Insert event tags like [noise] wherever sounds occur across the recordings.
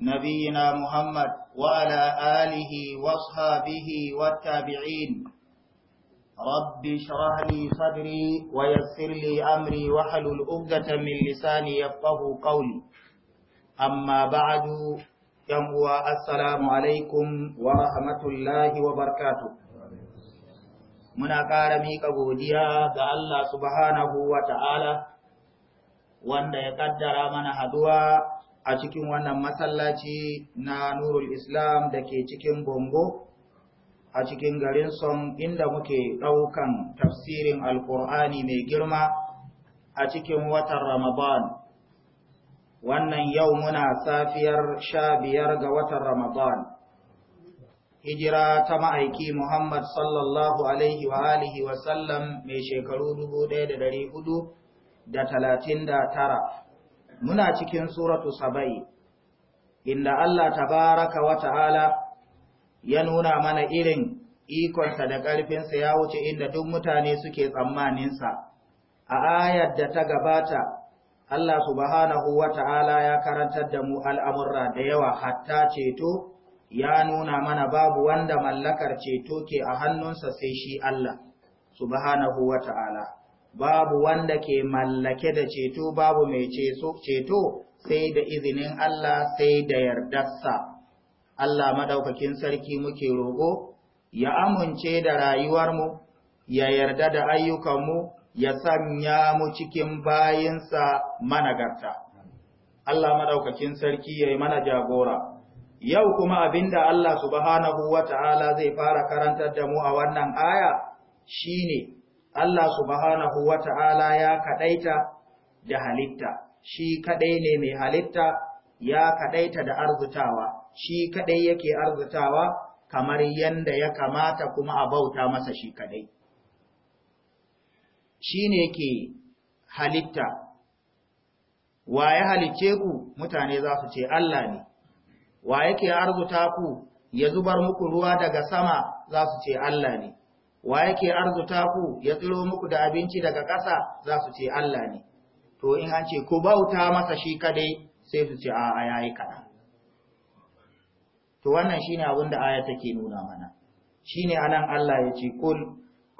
نبينا محمد وعلى آله واصحابه والتابعين رب اشرح لي صدري ويسر لي أمري واحلل عقدة من لساني يفقه قولي أما بعد يمو السلام عليكم ورحمة الله وبركاته muna ƙara miƙa godiya ga Allah subhanahu wa ta'ala wanda ya ƙaddara mana haduwa a cikin wannan masallaci na nurul islam da ke cikin bongo a cikin garin son inda muke ɗaukan tafsirin alkur'ani mai girma a cikin watan ramadan wannan yau muna safiyar sha biyar ga watan ramadan hijira ta ma'aiki muhammad sallallahu alaihi wa alihi wasallam mai shekaru dubu ɗaya da ɗari hudu da talatin da tara muna cikin suratu saba'i inda Allah tabaraka wa ta'ala ya nuna mana irin ikonsa da ƙarfinsa ya wuce inda duk mutane suke tsammaninsa a ayar da ta gabata Allah subhanahu wa ta'ala ya karantar da mu al'amurra da yawa hatta ceto ya nuna mana babu wanda mallakar ceto ke a hannunsa sai shi Allah subhanahu wa ta'ala babu wanda ke mallake da ceto babu mai ceto sai da izinin Allah sai da yardarsa. Allah madaukakin sarki muke rogo, ya amince da rayuwarmu, ya yarda da ayyukanmu, ya sanya mu cikin bayinsa managarta. Allah madaukakin sarki ya yi mana jagora. Yau kuma abinda Allah subhanahu wa ta'ala zai fara karantar da mu a wannan aya shine Allah subhanahu wa ta'ala ya kaɗaita da halitta, shi kaɗai ne mai halitta ya kaɗaita da arzutawa, shi kaɗai yake arzutawa kamar yanda ya kamata kuma a bauta masa shi kaɗai. Shi ne ke halitta, wa ya halicce ku mutane za su ce Allah ne, wa yake arzuta ku ya zubar muku ruwa daga sama za su ce Allah ne. wa yake arzuta ku ya tsiro muku da abinci daga ƙasa za su ce Allah ne to in an ce ku bauta masa shi kadai sai su ce a a yayi kana to wannan shine abin da aya take nuna mana shine anan Allah ya ce kul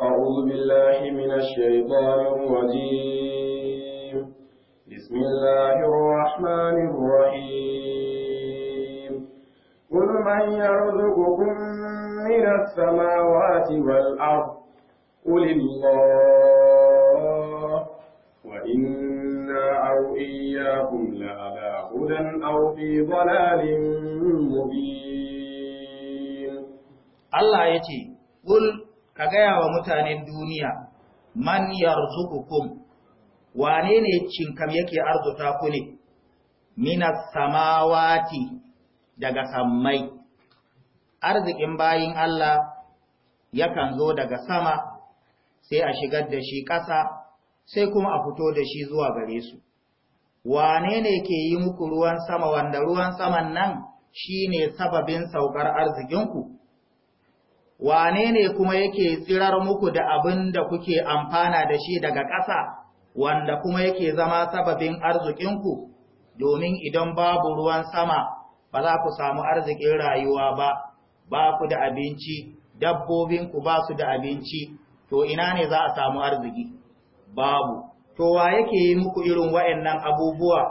a'udhu billahi minash shaitanir rajim bismillahir rahmanir rahim قل من يرزقكم من السماوات والأرض قل الله وإنا أو إياكم لعلى هدى أو في ضلال مبين الله يتي قل كغيا ومتان الدنيا من يرزقكم wane ne cinkam yake arzuta ku ne minas samawati daga sammai arzikin bayin Allah yakan zo daga sama sai a shigar da shi ƙasa sai kuma a fito da shi zuwa gare su wane ne ke yi muku ruwan sama wanda ruwan saman nan shi ne sababin saukar arzikinku wane ne kuma yake tsirar muku da abin da kuke amfana da shi daga ƙasa wanda kuma yake zama sababin arzikinku domin idan babu ruwan sama ba za ku samu arzikin rayuwa ba ba ku da abinci dabbobinku ba su da abinci to ina ne za a samu arziki babu to wa yake yi muku irin wa'annan abubuwa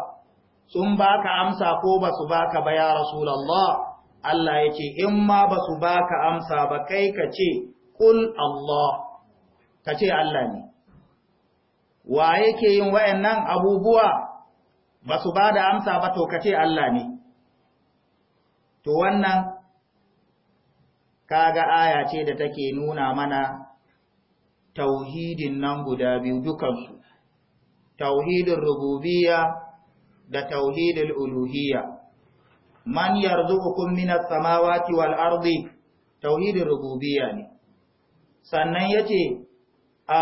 sun baka amsa ko ba su baka ba ya rasulullah Allah ya ce in ma ba su baka amsa ba kai ka ce kul Allah ka ce Allah ne wa yake yin wa'annan abubuwa ba su ba da amsa ba to ka ce Allah ne to wannan kaga aya ce da take nuna mana tauhidin nan guda biyu dukansu tauhidin rububiyya da tauhidin Uluhiya? man yarzuqukum minas samawati wal ardi tauhidin rububiyya ne sannan yace a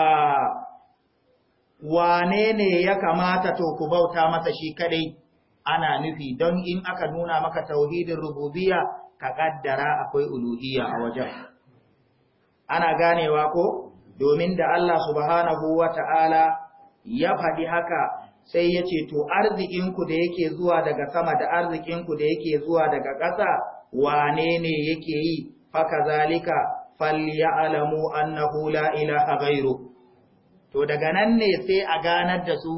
wane ne ya kamata to ku bauta masa shi kadai ana nufi don in aka nuna maka tauhidin rububiyya ka kaddara akwai uluhiyya a wajen ana ganewa ko domin da Allah subhanahu wata'ala ya faɗi haka sai ya ce to arzikinku da yake zuwa daga sama da arzikinku da yake zuwa daga ƙasa wane ne yake yi faka zalika alamu annahu la ilaha ghairu to daga nan ne sai a ganar da su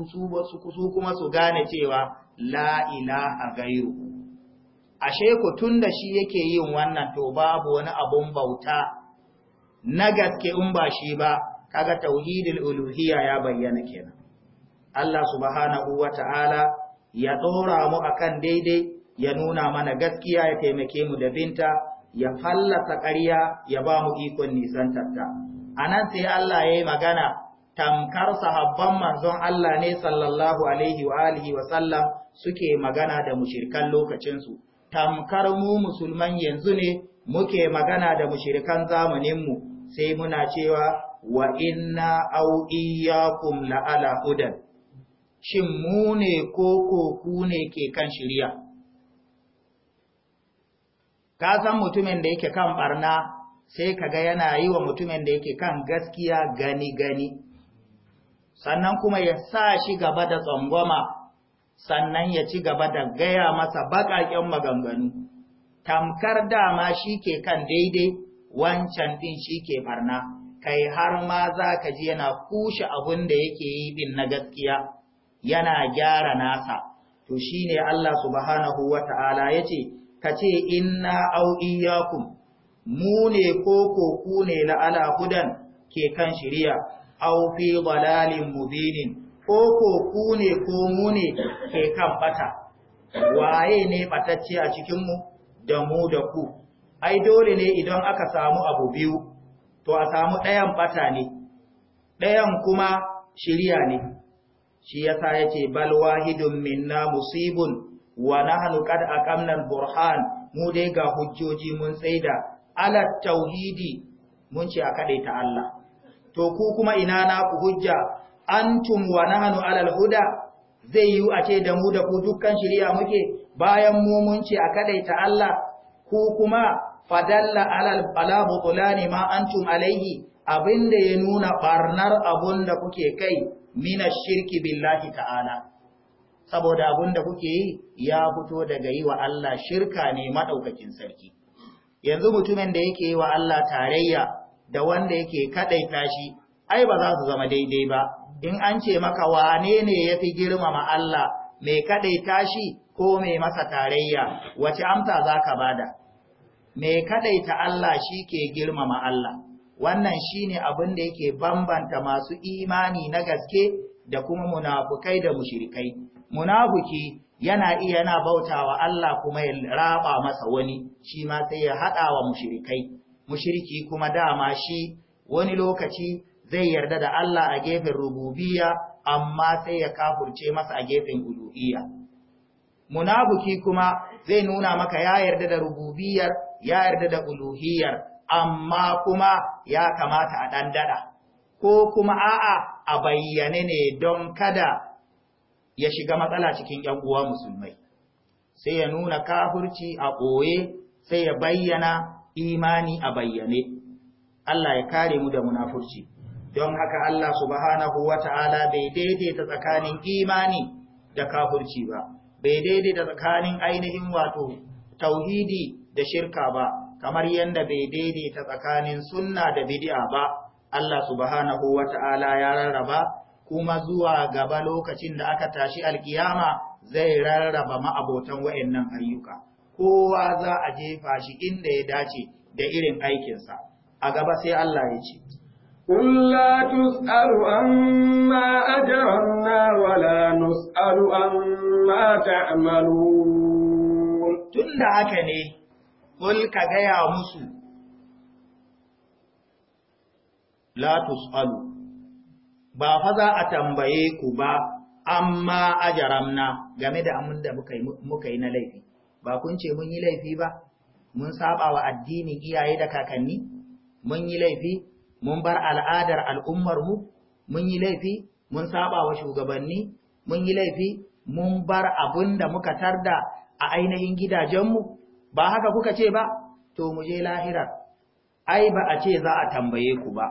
su kuma su gane cewa La'ila ilaha gairu ashe ku tunda shi yake yin wannan to babu wani abun bauta na gaske in ba shi ba kaga tauhidul uluhiyya ya bayyana kenan Allah subhanahu wata'ala ya dora mu akan daidai ya nuna mana gaskiya ya taimake mu da binta ya fallasa ƙarya ya ba mu ikon nisantarta a nan sai Allah ya yi magana tamkar sahabban manzon Allah ne sallallahu alaihi wa alihi wa sallam suke magana da mushirikan lokacinsu tamkar mu musulman yanzu ne muke magana da mushirikan mu, sai muna cewa wa inna au iyyakum la ala hudan shin mu ne ko ko ku ne ke kan shiriya ka san mutumin da yake kan barna sai kaga yana yi wa mutumin da yake kan gaskiya gani gani sannan kuma ya sa shi gaba da tsangwama sannan ya ci gaba da gaya masa baƙaƙen maganganu tamkar dama shi ke kan daidai wancan ɗin shi ke barna kai har ma za ka ji yana kushe abin da yake yi ɗin na gaskiya yana gyara nasa to shi ne Allah subhanahu wa ta'ala ya ce ka ce inna au iyakum mu ne ko ku ne la'ala hudan ke kan shirya aw fi dalalin mubinin ko ko ku ne ko mu ne ke kan bata waye ne batacce a cikin mu da mu da ku ai dole ne idan aka samu abu biyu to a samu ɗayan bata ne ɗayan kuma shirya ne shi yasa yace bal wahidun minna musibun wa nahnu qad aqamna al-burhan mu dai ga hujjoji mun tsaida ala tauhidi mun ce a kadaita Allah to ku kuma ina na ku hujja antum wa nahnu alal huda zai yi a ce da mu da ku dukkan shari'a muke bayan mu mun a kadaita Allah ku kuma fadalla alal ala butulani ma antum alaihi abinda ya nuna barnar abunda kuke kai mina shirki billahi ta'ala saboda da kuke yi ya fito daga yi wa Allah shirka ne madaukakin sarki yanzu mutumin da yake yi wa Allah tarayya da wanda yake kaɗaita tashi, ai ba za su zama daidai ba in an ce maka wane ne ya fi girmama Allah mai kaɗaita shi ko mai masa tarayya wace amsa za ka bada mai kaɗaita Allah shi ke girmama Allah wannan shi ne abin da yake bambanta masu imani na gaske da kuma munafukai da mushrikai. munafuki yana iya yana bautawa Allah kuma ya raba masa wani shi ma sai ya haɗa wa mushrikai Mushiriki kuma dama shi wani lokaci zai yarda da Allah a gefen rububiyya amma sai ya kafurce masa a gefen uluhiyya munafiki kuma zai nuna maka ya yarda da rububiyyar ya yarda da uluhiyyar amma kuma ya kamata a dandada ko kuma a'a a bayyane ne don kada ya shiga matsala cikin ‘yan uwa musulmai, sai ya nuna kafurci a ɓoye, sai ya bayyana imani a bayyane Allah ya kare mu da munafurci don haka Allah subhanahu wata'ala bai daidaita tsakanin imani da kafurci ba bai daidaita tsakanin ainihin wato tauhidi da shirka ba kamar yadda bai daidaita tsakanin sunna da bid'a ba Allah subhanahu wata'ala ya rarraba kuma zuwa gaba lokacin da aka tashi alkiyama zai rarraba ma'abotan wa'annan ayyuka kowa za a jefa shi inda ya dace da irin aikinsa a gaba sai Allah ya ce قل tus'alu amma عما wala nus'alu amma ta'malu tunda haka ne kul ka gaya musu la tusalu ba fa za a tambaye ku ba amma ajaramna game da amun da muka yi na laifi ba kun ce mun yi laifi ba mun saba wa addinin iyaye da kakanni mun yi laifi mun bar al'adar al'ummar mu? mun yi laifi mun saba wa shugabanni mun yi laifi mun bar abinda muka tarda a ainihin gidajenmu ba haka kuka ce ba to mu je lahira ai ba a ce za a tambaye ku ba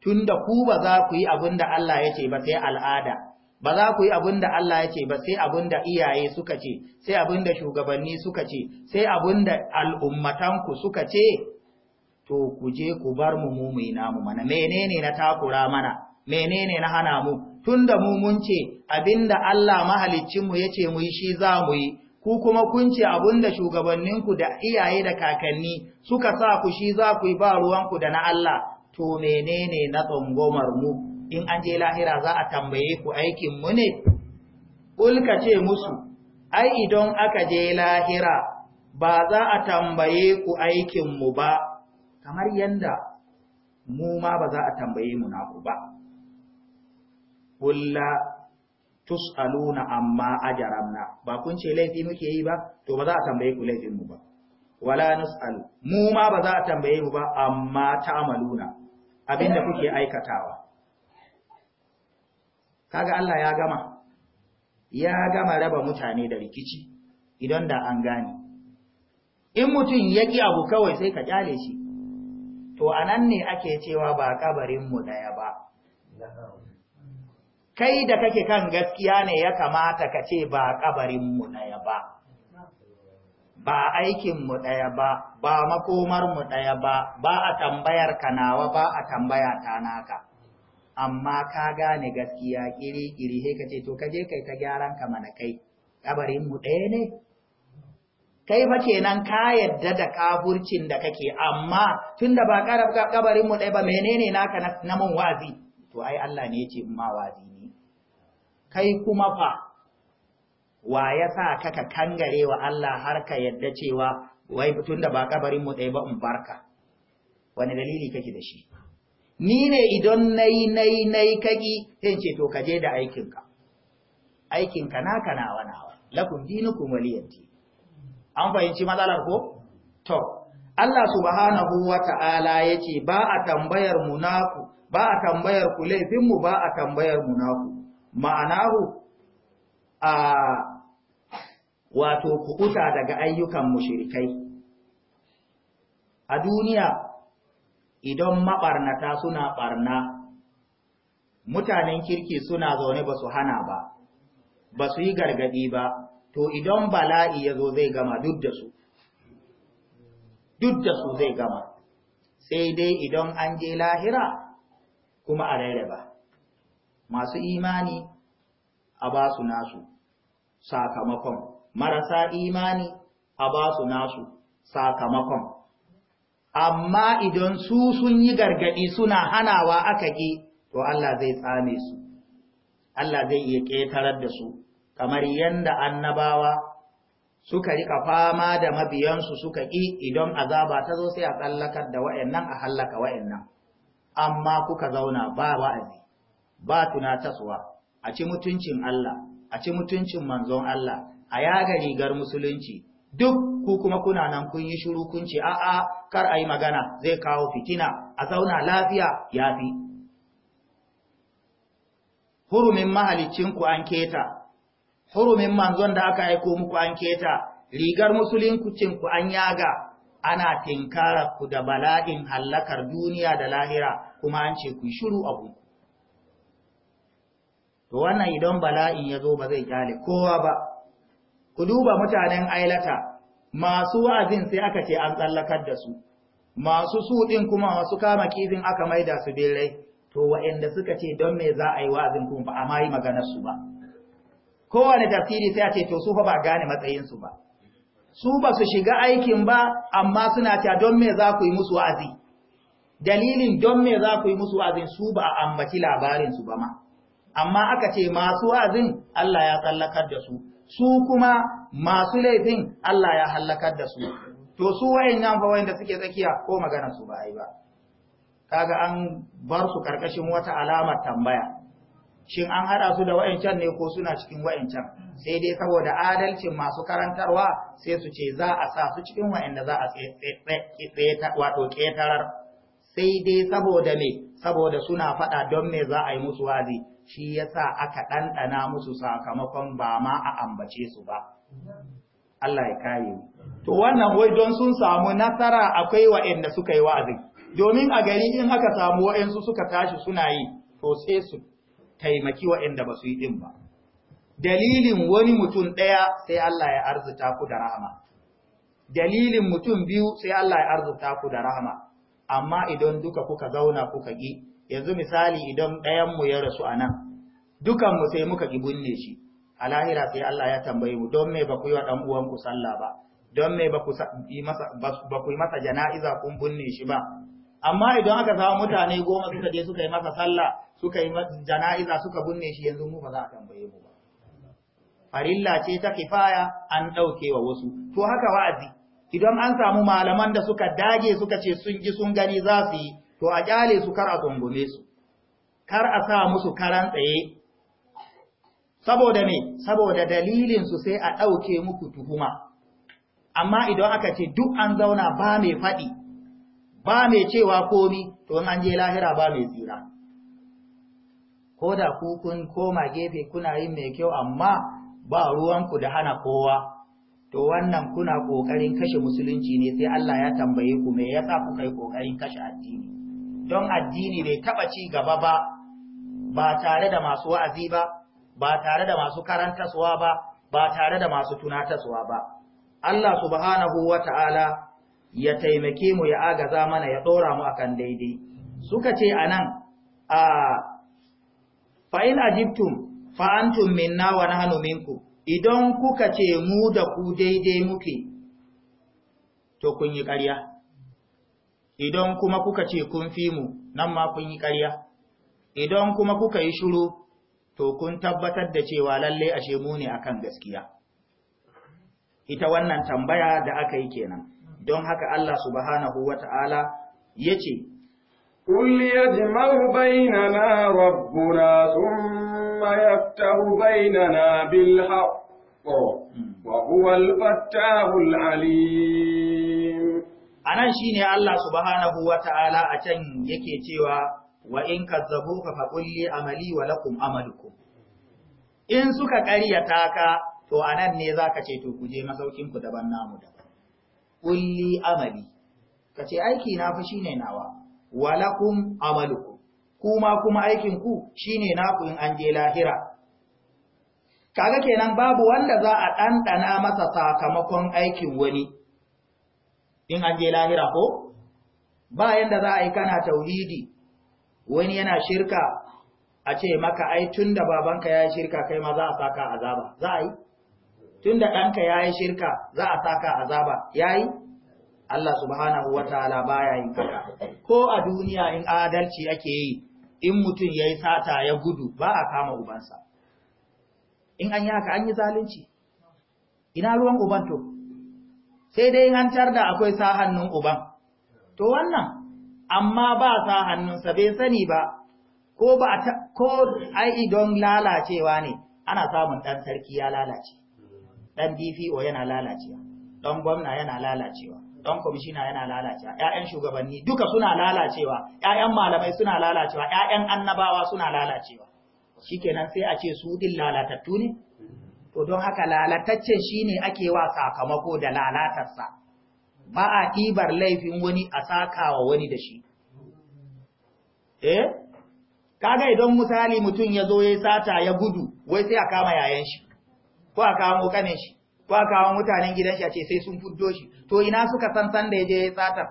tunda ku ba za ku yi abinda Allah ya ce ba sai al'ada ba za ku yi abin da Allah ya ce ba sai abin da iyaye suka ce sai abin da shugabanni suka ce sai abin da al'ummatanku suka ce to ku je ku bar mu mu mai namu mana menene na takura mana menene na hana mu tunda mu mun ce da Allah mahaliccin mu yace mu yi shi za mu yi ku kuma kun ce abin da shugabanninku da iyaye da kakanni suka sa ku shi za ku yi ba ruwanku da na Allah to menene na tsangomar mu in an je lahira za a tambaye ku aikin mu ne ulka ce musu ai idan aka je lahira ba za a tambaye ku aikin mu ba kamar yanda mu ma ba za a tambaye mu naku ba kulla tus'aluna amma ajaramna ba kun ce laifi muke yi ba to ba za a tambaye ku laifin ba wala nus'alu, mu ma ba za a tambaye mu ba amma ta'maluna abinda kuke aikatawa kaga Allah ya gama ya gama raba mutane da rikici idan da an gane in mutum ya ƙi abu kawai sai ka kyale shi to anan ne ake cewa ba mu daya ba kai da kake kan gaskiya ne ya kamata ka ce ba mu daya ba ba aikin mu ɗaya ba, ba makomar mu ɗaya ba, ba a tambayar kanawa ba a tambaya ta naka. amma ka gane gaskiya kiri-kiri he ka ce to ka je kai ta gyaran ka mana kai kabarin mu ɗaya ne kai fa kenan ka yadda da kaburcin da kake amma tunda ba kabarin mu ɗaya ba menene naka na mun wazi to ai Allah ne yace ma wazi ne kai kuma fa wa ya sa kaka kangare wa Allah har ka yadda cewa wai tunda ba kabarin mu ɗaya ba in barka wani dalili kake da shi ni ne idan nayi nayi nayi kaki sai ce to kaje da aikinka aikinka naka nawa nawa lakum dinukum waliyati an fahimci matsalar ko to Allah subhanahu wa ta'ala ya ba a tambayar munaku ba a tambayar ku laifinmu ba a tambayar munaku ma'anahu a wato kuɓuta daga ayyukan mushrikai a duniya idan maɓarnata suna ɓarna mutanen kirki suna zaune ba su hana ba ba su yi gargaɗi ba to idan bala'i ya zo zai gama duk da su duk da su zai gama sai dai idan an je lahira kuma a ba masu imani a ba su nasu sakamakon marasa imani a ba su nasu sakamakon amma idan su sun yi gargadi suna hanawa aka ƙi to Allah zai tsame su Allah zai iya ƙetarar da su kamar yadda annabawa suka rika fama da mabiyansu suka ƙi idan azaba ta zo sai a tsallakar da wa'annan a hallaka wa'annan amma kuka zauna ba wa'azi ba tuna taswa. a ci mutuncin Allah a ci mutuncin manzon Allah a yaga rigar musulunci duk ku kuma kuna nan kun yi shiru kun ce a'a kar a yi magana zai kawo fitina a zauna lafiya ya fi hurumin mahalicinku an keta hurumin manzon da aka aiko muku an keta rigar ku an yaga ana tinkara ku da bala'in hallakar duniya da lahira kuma an ce ku shiru abu to wannan idan bala'in ya zo ba zai kyale kowa ba ku duba mutanen ailata masu wa'azin sai aka ce an tsallakar da su masu su ɗin kuma masu kama kifin aka maida su birrai to wa'anda suka ce don me za a yi wa'azin kuma ba a ma yi maganar ba kowane tafsiri sai a ce to su fa ba gane matsayin su ba su ba su shiga aikin ba amma suna ta don me za ku yi musu wa'azi dalilin don me za ku yi musu wa'azin su ba a ambaci labarinsu ba ma amma aka ce masu wa'azin Allah ya tsallakar da su su kuma masu laifin Allah ya hallakar da su to su wayannan fa da suke tsakiya ko magana su ba ai ba kaga an bar su karkashin wata alamar tambaya shin an haɗa su da wayancan ne ko suna cikin wayancan sai dai saboda adalcin masu karantarwa sai su ce za a sa su cikin wayanda za a wato sai dai saboda me saboda suna faɗa don me za a yi musu wazi shi yasa aka ɗanɗana musu sakamakon ba ma a ambace su ba Allah ya kare to wannan wai don sun samu nasara akwai wa'anda suka yi wa'azi domin a gari in aka samu wa'ansu suka tashi suna yi to sai su taimaki wa'anda ba su yi din ba dalilin wani mutum ɗaya sai Allah ya arzuta ku da rahama dalilin mutum biyu sai Allah ya arzuta ku da rahama amma idan duka kuka zauna kuka gi yanzu misali idan ɗayanmu ya rasu a nan dukanmu sai muka ki shi a lahira sai Allah ya tambaye mu don me ba ku yi wa ɗan sallah ba don me ba ku yi masa jana'iza kun binne shi ba amma idan aka samu mutane goma suka je suka yi masa sallah suka yi jana'iza suka binne shi yanzu mu ba za a tambaye mu ba farilla ce ta kifaya an ɗauke wa wasu to haka wa'azi idan an samu malaman da suka dage suka ce sun ji sun gani za su yi to a kyale su kar a tsungome su kar a sa musu karan tsaye saboda me saboda dalilin su sai a ɗauke muku tuhuma amma idan aka ce duk an zauna ba mai faɗi ba mai cewa komi to an je lahira ba mai tsira ko da ku kun koma gefe kuna yin mai kyau amma ba ruwanku da hana kowa to wannan kuna ƙoƙarin kashe musulunci ne sai Allah ya tambaye ku me yasa kuka yi ƙoƙarin kashe addini don addini bai taba ci gaba ba ba tare da masu wa'azi ba ba tare da masu karantaswa ba ba tare da masu tunataswa ba Allah subhanahu wata'ala ya taimake mu ya agaza mana ya dora mu akan daidai suka ce anan a fa in ajibtum fa antum minna wa nahnu minkum idan kuka ce mu da ku daidai muke to kun yi ƙarya idan kuma kuka ce kun fi mu nan ma kun yi ƙarya idan kuma kuka yi shiru to kun tabbatar da cewa lalle ashe mu ne akan gaskiya ita wannan tambaya da aka yi kenan don haka Allah subhanahu wata'ala yace قل rabbuna بيننا ربنا ثم bil بيننا wa وهو الفتاح alim. a nan shi ne Allah subhanahu wa ta'ala a can yake cewa wa in kazzabu ka faƙulli amali wa lakum amalukum. In suka ƙaryata ka, to a nan ne za ka ce to ku je masaukinku daban namu daban. Ƙulli amali, ka ce aiki na fa shi ne nawa, wa lakum amalukum, kuma kuma aikinku shi ne naku in an je lahira. Kaga kenan babu wanda za a ɗanɗana masa sakamakon aikin wani. in an je lahira ko ba yanda za a yi kana tauhidi wani yana shirka a ce maka ai tunda babanka ya yi shirka kai ma za a saka azaba za a yi tunda ɗanka ya yi shirka za a saka azaba ya yi Allah subhanahu wa ta'ala baya yin haka ko a duniya in adalci ake yi in mutum ya yi sata ya gudu ba a kama ubansa in an yi haka an yi zalunci ina ruwan ubanto sai dai hantar da akwai sa hannun uban to wannan amma ba sa hannunsa bai sani ba ko ba ko ai don lalacewa ne ana samun dan sarki ya lalace dan DPO yana lalacewa dan gwamna yana lalacewa dan kwamishina yana lalacewa ƴaƴan shugabanni duka suna lalacewa ya'yan malamai suna lalacewa ya'yan annabawa suna lalacewa shikenan sai a ce su ɗin lalatattu ne don haka lalatacce shine ake wa sakamako da lalatarsa ba a ɗibar laifin wani a sakawa wani da shi eh kaga idan misali mutum ya zo ya sata ya gudu wai sai a kama yayan shi ko a kama kanin shi ko a kama mutanen gidan shi a ce sai sun fuddo shi to ina suka san san da ya je ya sata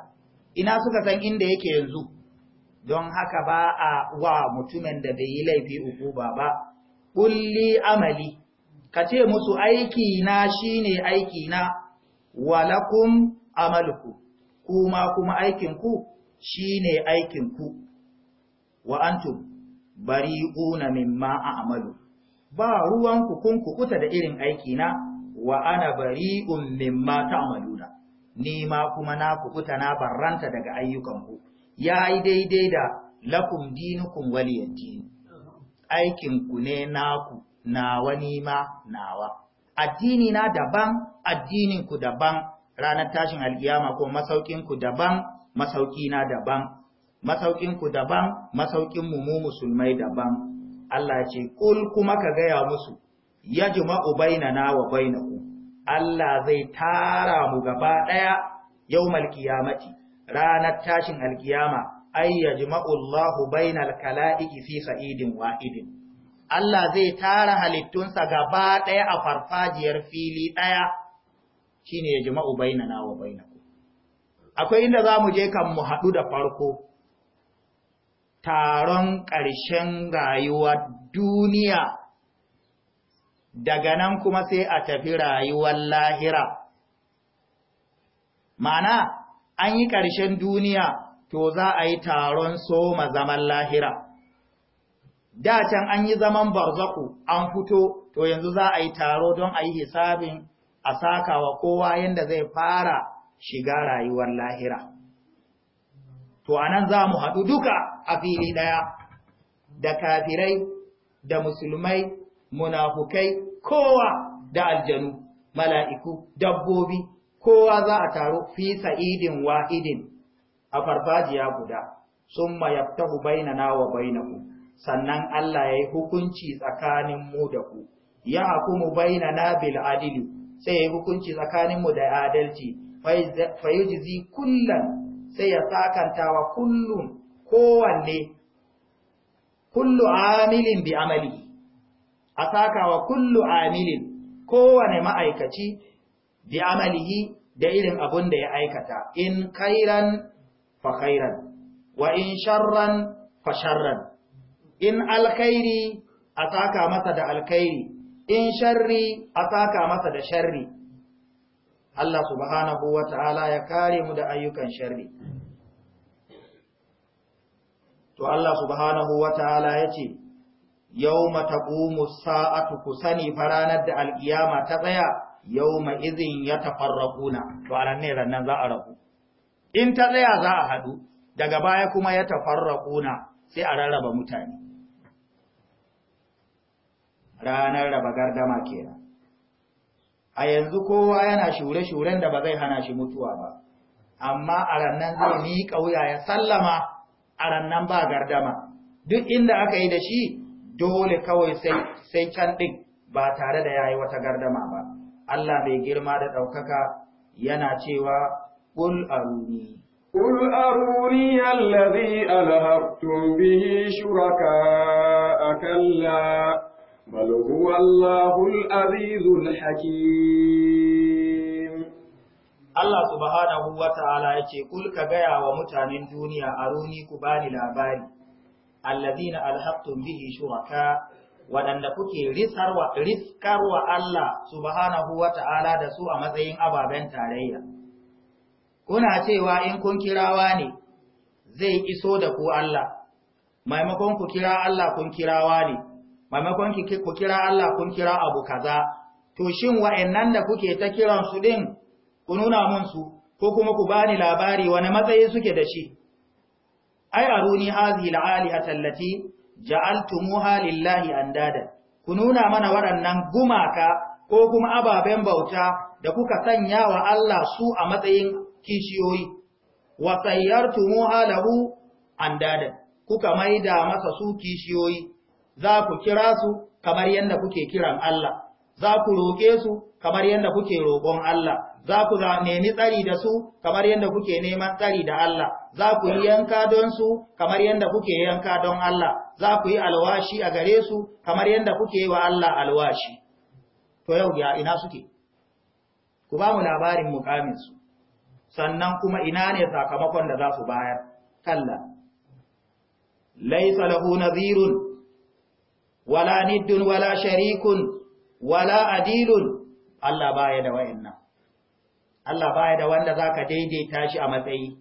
ina suka san inda yake yanzu don haka ba a wa mutumin da bai yi laifi uku ba ba kulli amali ka ce musu aiki na shine aiki na walakum amalku kuma kuma aikinku shine aikinku wa antum bari'una mimma a'malu ba ruwanku kun kukuta da irin aiki na wa ana bari'un mimma ta'maluna ni ma kuma na kukuta na barranta daga ayyukanku yayi daidai da lakun dinukum waliyad aikin aikinku ne naku nawa ni ma nawa addini na daban addinin ku daban ranar tashin alkiyama ko masaukin ku daban masauki na daban masaukin ku daban masaukin mu mu musulmai daban Allah ce kul kuma ka gaya musu yajma'u bainana wa ku. Allah zai tara mu gaba daya yawmal qiyamati ranar tashin alkiyama ay yajma'u Allahu bainal kalaiki fi sa'idin wa'idin Allah zai tara halittunsa gaba ɗaya a farfajiyar fili ɗaya shi ne ya jima'u baina na wa baina ku. Akwai inda za mu je kan mu haɗu da farko, taron ƙarshen rayuwar duniya, daga nan kuma sai a tafi rayuwar lahira. Ma'ana, an yi ƙarshen duniya to za a yi taron soma zaman lahira. da can an yi zaman barzaku an fito to yanzu za a yi taro don a yi hisabin a sakawa kowa yanda zai fara shiga rayuwar lahira to anan za mu haɗu duka a fili ɗaya da kafirai da musulmai munafukai kowa da aljanu mala'iku dabbobi kowa za a taro fi sa'idin wa'idin a farfajiya guda sun mayabtahu bainana wa bainahu sannan Allah ya yi hukunci tsakanin mu da ku ya mu bainana bil adli sai ya yi hukunci tsakanin mu da adalci fa yujzi kullan sai ya sakantawa kullun kowanne kullu amilin bi amali a sakawa kullu amilin kowane ma'aikaci bi amalihi da irin abun da ya aikata in kairan fa kairan, wa in sharran fa sharran in alkhairi a saka masa da alkhairi in sharri a saka masa da sharri Allah subhanahu wa ta'ala ya kare mu da ayyukan sharri to Allah subhanahu wa ta'ala ya ce yawma taqumu sa'atu kusani faranar da alkiyama ta tsaya yawma izin ya to anan ne rannan za a rabu in ta tsaya za a haɗu, daga baya kuma ya na sai a rarraba mutane ranar raba gardama kenan a yanzu kowa yana shure-shuren da ba zai hana shi mutuwa ba amma a rannan zai miƙa wuya ya sallama a rannan ba gardama duk inda aka yi da shi dole kawai sai can ɗin ba tare da ya yi wata gardama ba Allah mai girma da ɗaukaka yana cewa ƙul aruni قل أروني الذي bihi به a كلا بل هو الله العزيز الحكيم Allah subhanahu wa ta'ala ya Kul ka gaya wa mutanen duniya a runi ku bani labari, allazina alhaftun bihi shuraka waɗanda kuke riskarwa Allah subhanahu wa ta'ala da su a matsayin ababen tarayya. Kuna cewa in kun kirawa ne zai iso da ku Allah, maimakon ku kira Allah kun kirawa ne, maimakon ku kira Allah kun kira abu kaza to shin wa'annan da kuke ta kiran su din ku nuna mun su ko kuma ku bani labari wani matsayi suke da shi ai aruni hazihi al'ali atallati ja'altumuha lillahi andada ku nuna mana waɗannan gumaka ko kuma ababen bauta da kuka sanya wa Allah su a matsayin kishiyoyi wa sayyartumuha lahu andada kuka maida masa su kishiyoyi za ku kira su kamar yadda kuke kiran Allah, za ku roƙe su kamar yadda kuke roƙon Allah, za ku nemi tsari da su kamar yadda kuke neman tsari da Allah, za ku yi yanka don su kamar yadda kuke yanka don Allah, za ku yi alwashi a gare su kamar yadda kuke wa Allah alwashi. To yau ya ina suke? Ku ba mu labarin mukaminsu, sannan kuma ina ne sakamakon da za su bayar, kalla. Laisa lahu nazirun wala niddun wala sharikun wala adilun Allah baya da wa'annan Allah baya da wanda zaka daidaita shi a matsayi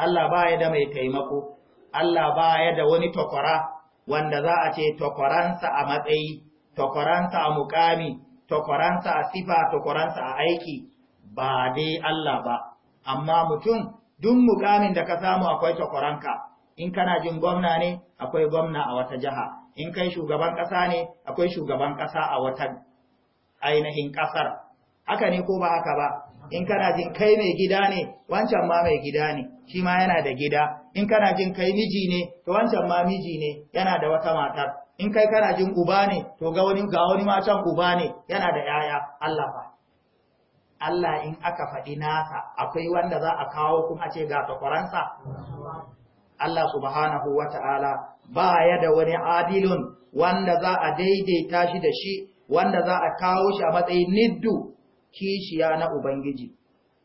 Allah baya da mai taimako Allah baya da wani takwara wanda za a ce takwaransa a matsayi takwaransa a mukami takwaransa a sifa takwaransa a aiki ba dai Allah ba amma mutum duk mukamin da ka samu akwai takwaranka in kana jin gwamna ne akwai gwamna a wata jiha in kai shugaban ƙasa ne akwai shugaban ƙasa a wata ainihin ƙasar haka ne ko ba haka ba in kana jin kai mai gida ne wancan ma mai gida ne shi ma yana da gida in kana jin kai miji ne to wancan ma miji ne yana da wata matar in kai kana jin uba ne to ga wani ga wani ma can uba ne yana da yaya Allah fa Allah in aka faɗi naka akwai wanda za a kawo kuma ce ga takwaransa Allah subhanahu wa ta'ala ba ya da wani adilun wanda za a daidaita shi da shi wanda za a kawo shi a matsayin niddu kishiya na Ubangiji.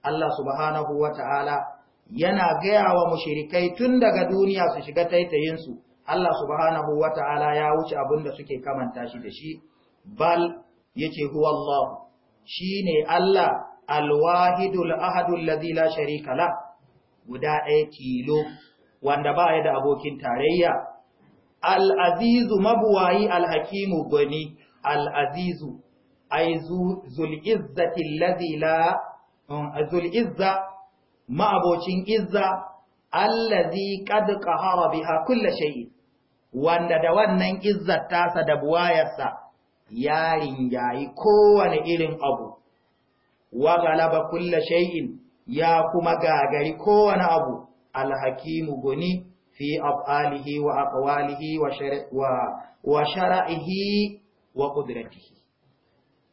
Allah subhanahu wa ta'ala yana gaya wa mushirikai tun daga duniya su shiga taitayinsu, Allah subhanahu wa ta'ala ya wuce abin da suke kamanta shi da shi, bal yake huwa shine shi ne Allah alwahidul ahadul ladila sharikala guda ɗaya tilo. wanda ba ya da abokin tarayya al'azizu mabuwayi alhakimu gwani al'azizu ai zul'izzatin lazila um, zul'izza ma'abocin izza allazi qad hawa biha kulla shay'in wanda da wannan izzar tasa da buwayarsa ya rinjayi kowane irin abu wa galaba kulla shay'in ya kuma gagari kowane abu alhakimu goni fi af'alihi wa aqwalihi wa shara'ihi wa qudratihi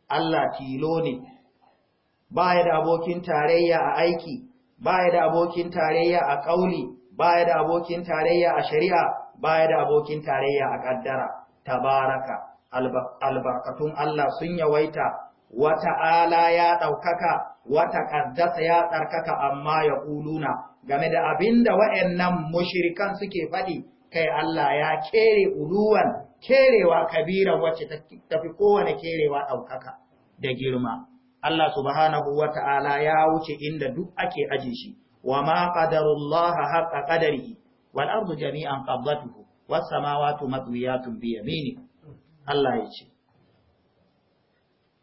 Allah tilo ne baya da abokin tarayya a aiki baya da abokin tarayya a kauli baya da abokin tarayya a shari'a baya da abokin tarayya a kaddara tabaraka albarkatun Allah sun yawaita wata'ala ya ɗaukaka, wata ƙaddasa ya tsarkaka amma ya ƙuluna game da abinda da wa'yannan mushirikan suke faɗi, kai Allah ya kere uluwan, kerewa kabira wacce ta kowane kerewa ɗaukaka da girma. Allah subhanahu wa ta'ala ya wuce inda duk ake aje shi, wa ma ƙadarullaha haƙa ƙadari, wal ardu jami'an ƙabdatuhu, wasu samawatu tun biya mini. Allah ya ce.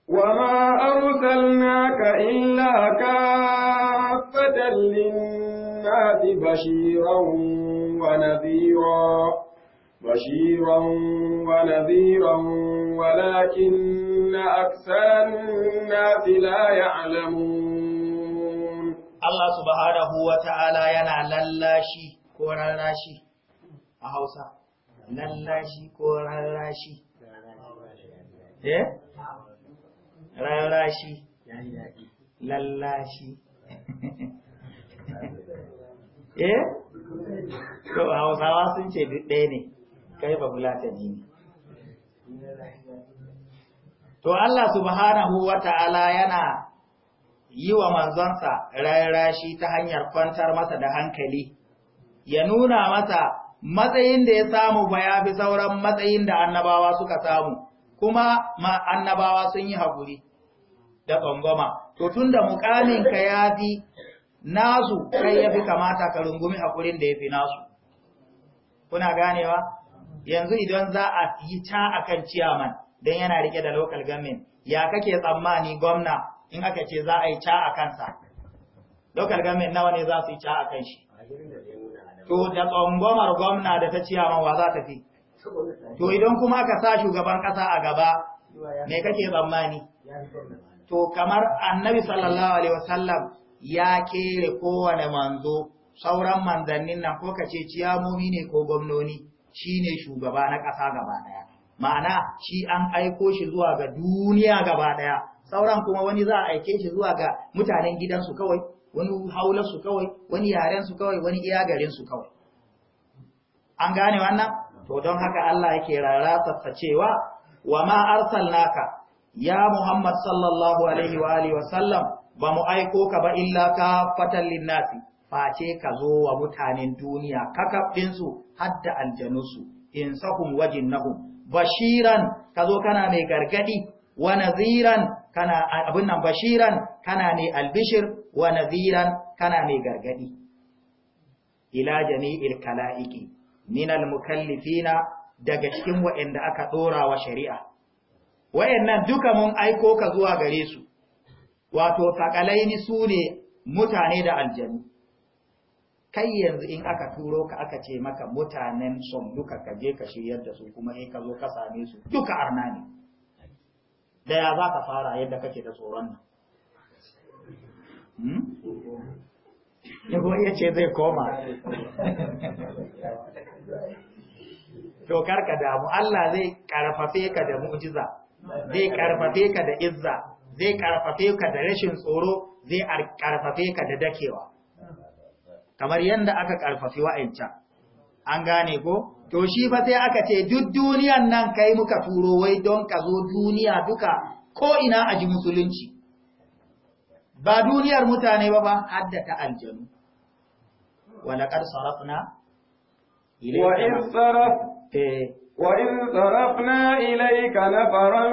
وما أرسلناك إلا كافة للناس بشيرا ونذيرا بشيرا ونذيرا ولكن أكثر الناس لا يعلمون الله سبحانه وتعالى ينا للاشي كورالاشي أهوسا للاشي كورالاشي إيه rarashi lallashi [laughs] eh to hausawa sun ce duk ɗaya ne kai ba bulatani ne to Allah subhanahu wa ta'ala yana yi wa manzonsa rarashi ta hanyar kwantar masa da hankali ya nuna masa matsayin da ya samu baya ya sauran matsayin da annabawa suka samu kuma ma annabawa sun yi haƙuri da tsangwama to tun da ka ya fi nasu kai ya fi kamata ka rungumi haƙurin da ya fi nasu kuna ganewa yanzu idan za a yi ta akan ciyaman don yana rike da local government ya kake tsammani gwamna in aka ce za a yi ca a kansa local government nawa ne za su yi ca a kan shi to da tsangwamar gwamna da ta ciyaman wa za ta fi to idan kuma ka sa shugaban ƙasa a gaba me kake tsammani to kamar annabi sallallahu alaihi wasallam ya kere kowane manzo sauran manzannin nan ko kace ciyamomi ne ko gwamnoni shi ne shugaba na ƙasa gaba daya ma'ana shi an aiko shi zuwa ga duniya gaba ɗaya, sauran kuma wani za a aike shi zuwa ga mutanen gidansu kawai wani haularsu kawai wani yarensu kawai wani iya garinsu kawai an gane wannan to don haka Allah yake rarasa cewa wa ma arsalnaka ya Muhammad sallallahu alaihi wa alihi wa sallam ba mu aiko ka ba illa ka fatan linnasi face ka zo wa mutanen duniya kakafin su hadda aljanusu in sahum wajin nahum bashiran ka zo kana mai gargadi wa naziran kana abin nan bashiran kana ne albishir wa naziran kana mai gargadi ila jami'il kala'iki minal mukallifina daga cikin waɗanda aka dora wa shari'a wa'annan duka mun aiko ka zuwa gare su wato takalaini su ne mutane da aljanu kai yanzu in aka turo ka aka ce maka mutanen son duka ka je ka shiryar da su kuma in ka zo ka same su duka arna ne da ya za ka fara yadda kake da tsoron nan hmm? ko ya ce zai koma to ka damu Allah zai karfafe ka da mu'jiza zai karfafe ka da izza zai karfafe ka da rashin tsoro zai karfafe ka da dakewa kamar yadda aka karfafi wa'ancan an gane ko to shi ba sai aka ce duk duniyan nan kai muka turo wai don ka zo duniya duka ko ina a ji musulunci ba duniyar mutane ba ba ta aljanu wala kar sarafna wa in saraf eh. wa in sarafna ilayka nafaran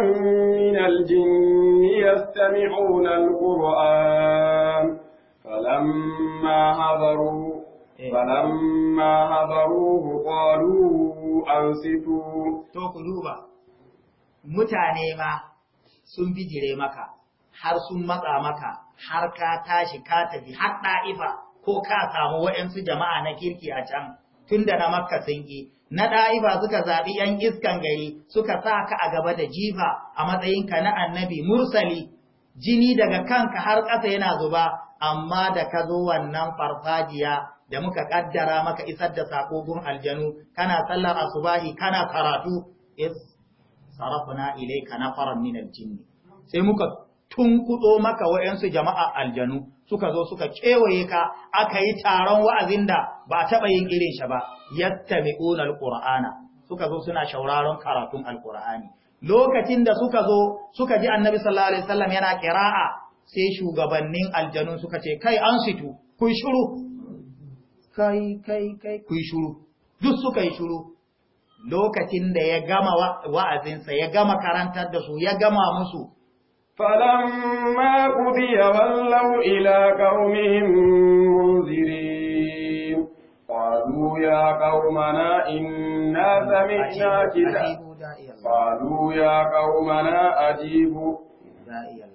min aljin yastami'una alquran falamma hadaru eh. falamma hadaru qalu ansitu to ku duba mutane ma sun bijire maka har sun matsa maka har ka tashi ka tafi har ɗa'ifa ko ka samu waɗansu jama'a na kirki a can tun da na makka sun ƙi na ɗa'ifa suka zaɓi ‘yan iskan gari suka sa ka a gaba da jifa a matsayinka na annabi mursali jini daga kanka har ƙasa yana zuba amma da ka zo wannan farfajiya da muka ƙaddara maka isar da saƙoƙin aljanu kana sallar asubahi kana karatu is sarafna ilayka nafaran min aljinn sai muka Tun kuɗo maka wayansu jama'a aljanu suka zo suka kewaye ka aka yi taron wa'azin da ba a taɓa yin irin shi ba yattabi'una alqur'ana suka zo suna shauraron karatun alqur'ani lokacin da suka zo suka ji annabi sallallahu alaihi wasallam yana kira'a, sai shugabannin aljanu suka ce kai an situ ku shuru kai kai kai ku shiru duk suka yi shuru. lokacin da ya gama wa'azinsa ya gama karantar da su ya gama musu فلما قضي ولوا إلى قومهم منذرين قالوا يا قومنا إنا سمعنا كتابا قالوا يا قومنا أجيبوا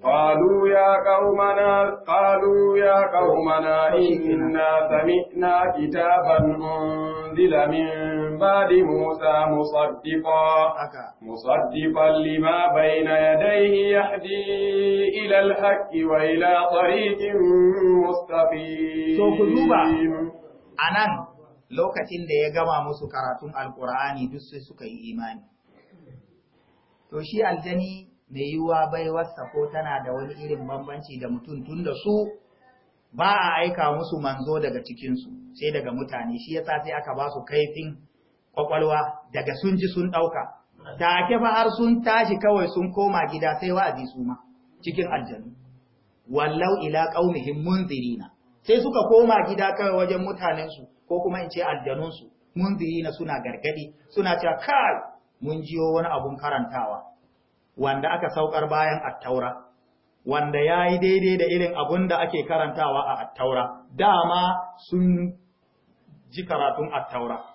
قالوا يا قومنا قالوا يا قومنا إنا سمعنا كتابا أنزل من بعد موسى مصدقا مصدقا لما بين يديه يهدي إلى الحق وإلى طريق مستقيم anan lokacin da ya gama musu karatun Alƙur'ani, duk sai suka yi imani to shi aljani mai yiwuwa baiwarsa ko tana da wani irin bambanci da mutum tun da su ba a aika musu manzo daga cikinsu sai daga mutane shi yasa sai aka ba su kaifin kwakwalwa daga sun ji sun ɗauka take fa har sun tashi kawai sun koma gida sai wa'azi su ma cikin aljanu wallau ila qaumihim munzirina sai suka koma gida kawai wajen mutanensu, ko kuma in ce aljanun su munzirina suna gargadi suna cewa kai mun jiyo wani abun karantawa wanda aka saukar bayan attaura, wanda wanda yayi daidai da irin abun da ake karantawa a attaura, dama sun ji karatun attaura.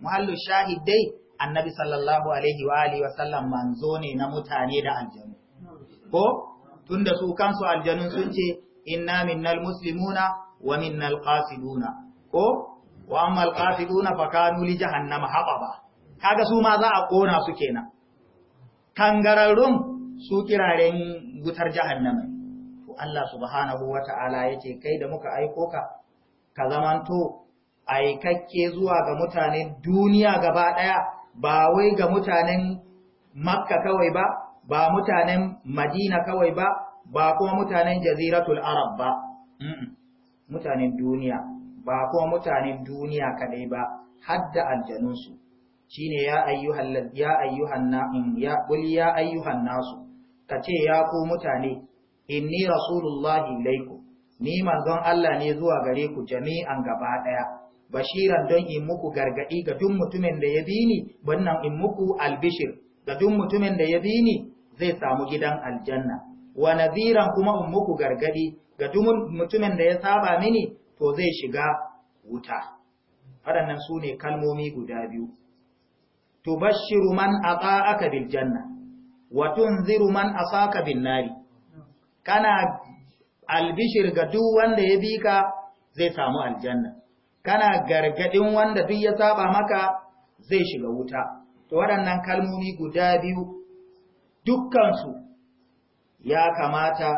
muhallu shahidai annabi sallallahu alaihi wa alihi wa sallam manzo ne na mutane da aljanu ko tunda su kansu aljanun sun ce inna minnal muslimuna wa minnal qasiduna ko wa ammal qasiduna fa kanu li jahannama hababa kaga su ma za a kona su kenan kangararrun su kiraren wutar jahannama to Allah subhanahu wata'ala yace kai da muka aiko ka ka zamanto aikakke zuwa ga mutanen duniya gaba ɗaya ba wai ga mutanen makka kawai ba ba mutanen madina kawai ba ba kuma mutanen jaziratul arab ba mutanen duniya ba kuma mutanen duniya kadai ba hadda aljanunsu shine ya ya ayyuhan na mm, ya qul ya ayyuhan nasu kace ya ku mutane inni rasulullahi ilaikum ni manzon Allah ne zuwa gare ku jami'an gaba daya bashiran don in muku gargadi ga duk mutumin da ya bi ni wannan in muku albishir ga duk mutumin da ya bi ni zai samu gidan aljanna wa nadhiran kuma in muku gargadi ga duk mutumin da ya saba mini to zai shiga wuta waɗannan su ne kalmomi guda biyu bashiru man aka bil janna wa tunziru man asaka bin nari kana albishir ga duk wanda ya bi ka zai samu aljanna kana gargadin wanda duk ya saba maka zai shiga wuta to waɗannan kalmomi guda biyu dukkansu ya kamata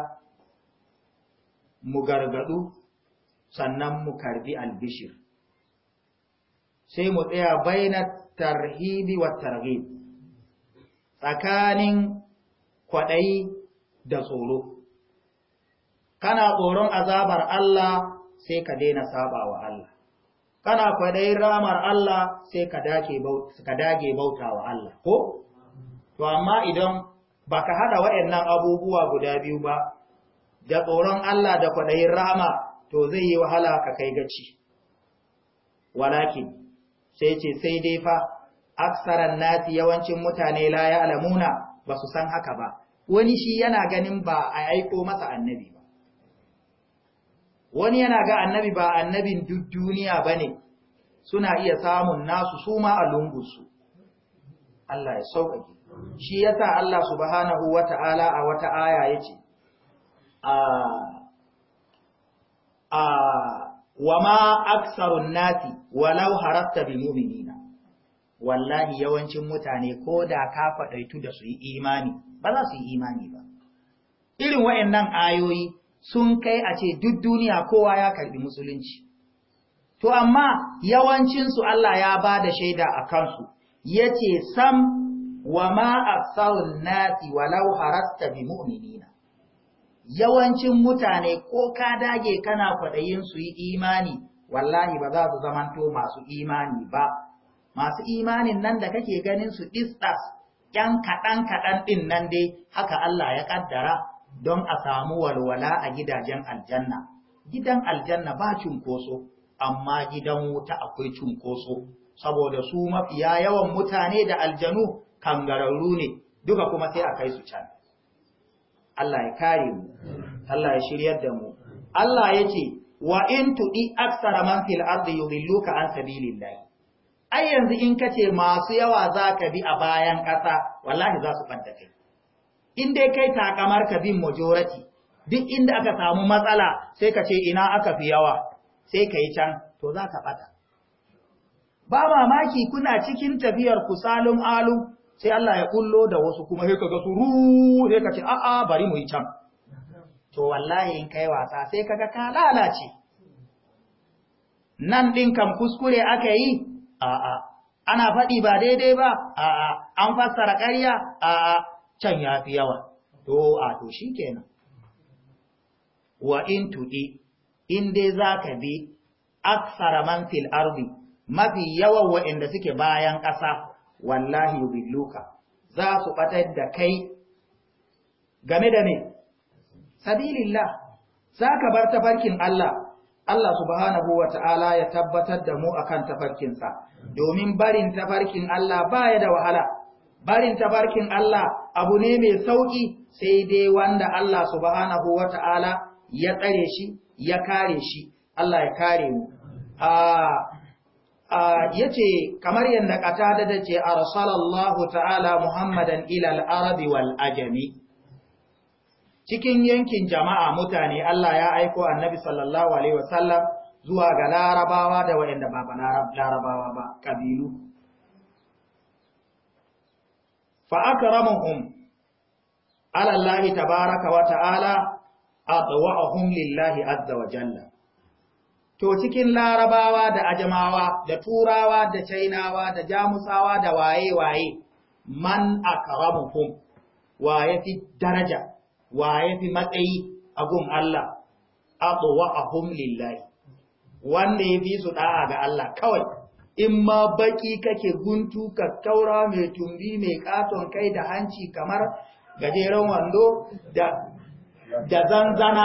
mu gargadu sannan mu karbi albishir sai mu tsaya baina tarhibi wa targhib tsakanin kwaɗayi da tsoro kana tsoron azabar Allah sai ka daina sabawa Allah kana kwaɗayin ramar Allah sai ka dage bauta wa Allah ko? To amma idan baka haɗa waɗannan abubuwa guda biyu ba, da tsoron Allah da kwaɗayin rama to zai yi wahala ka kai gaci. Walakin sai ce sai dai fa, aksaran nati yawancin mutane la ya alamuna ba su san haka ba, wani shi yana ganin ba a aiko masa annabi ba. wani yana ga annabi ba annabin duk duniya ba ne suna iya samun nasu su ma a lungunsu Allah ya sauƙaƙe shi ya sa Allah subhanahu wa ta'ala a wata aya ya ce a wa ma aksarun nasi walau harasta bi muminina wallahi yawancin mutane ko da ka faɗaitu da su yi imani ba za su yi imani ba irin waɗannan ayoyi sun kai a ce duk duniya kowa ya karbi musulunci to amma yawancinsu Allah ya ba da shaida a kansu ya ce sam wa ma'afsarun nasi walau harasta bi mu'minina yawancin mutane ko ka dage kana kwaɗayin su yi imani wallahi ba za su zamanto masu imani ba masu imanin nan da kake ganin su ɗisɗas ‘yan kaɗan-kaɗan ɗin nan dai haka Allah ya ƙaddara don a samu walwala a gidajen aljanna gidan aljanna ba cunkoso amma gidan wuta akwai cunkoso saboda su mafiya yawan mutane da aljanu kangararru ne duka kuma sai a kai su can Allah ya kare mu Allah ya shiryar da mu Allah ya ce wa in tudi aksara man fil ardi yudilluka an sabilillahi ai yanzu in ka ce masu yawa zaka bi a bayan ƙasa, wallahi za su banta kai in dai kai takamar ka bin majority duk inda aka samu matsala sai ka ce ina aka fi yawa sai ka yi can to za ka ɓata ba mamaki kuna cikin tafiyar ku salum alu sai Allah ya kullo da wasu kuma sai ka ga su sai ka ce a'a bari mu yi can to wallahi in kai wasa sai kaga ka lalace nan din kam kuskure aka yi a'a ana faɗi ba daidai ba a'a an fassara ƙarya a'a can ya fi yawa to a to shi kenan wa in tuɗi in dai za ka bi aksara man fil ardi mafi yawan wa'inda suke bayan ƙasa wallahi yubilluka za su batar da kai game da ne sabilillah za ka bar tafarkin Allah Allah subhanahu wa ta'ala ya tabbatar da mu akan tafarkinsa domin barin tafarkin Allah baya da wahala barin tabarkin Allah abu ne mai sauki sai dai wanda Allah subhanahu Ta'ala ya tsare shi ya kare shi Allah ya kare mu yace kamar yadda katada da dace arsalallahu ta'ala muhammadan ila al-arabi wal ajami cikin yankin jama'a mutane Allah ya aiko annabi sallallahu alaihi wasallam zuwa ga larabawa da wayanda ba larabawa ba kabilu فأكرمهم على الله تبارك وتعالى أضوأهم lillahi azza wa jalla. To cikin larabawa da ajamawa da turawa da chainawa da jamusawa da waye-waye man akramukum waye fi daraja waye fi matsayi a gun Allah ahum lillahi wanda ya fi su da'a ga Allah kawai in ma baki kake guntu kaura mai tumbi mai katon kai da hanci kamar gajeren wando da da zanzana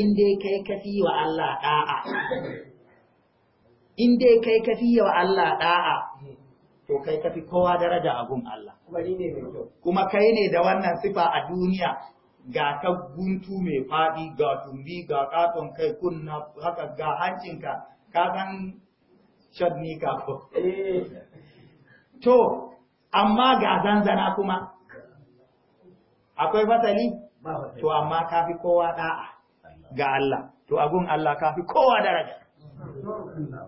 in dai kai kafi wa Allah da'a inda kai kafi wa Allah da'a to kai kafi kowa daraja a gun Allah kuma kai ne da wannan sifa a duniya ga ta guntu mai faɗi ga tumbi ga katon kai kunna haka ga hancinka ka san shadni kafin eh. to amma ga zanzana kuma akwai fasali to amma kafi kowa ɗa'a ga Allah to agun Allah kafi kowa daraja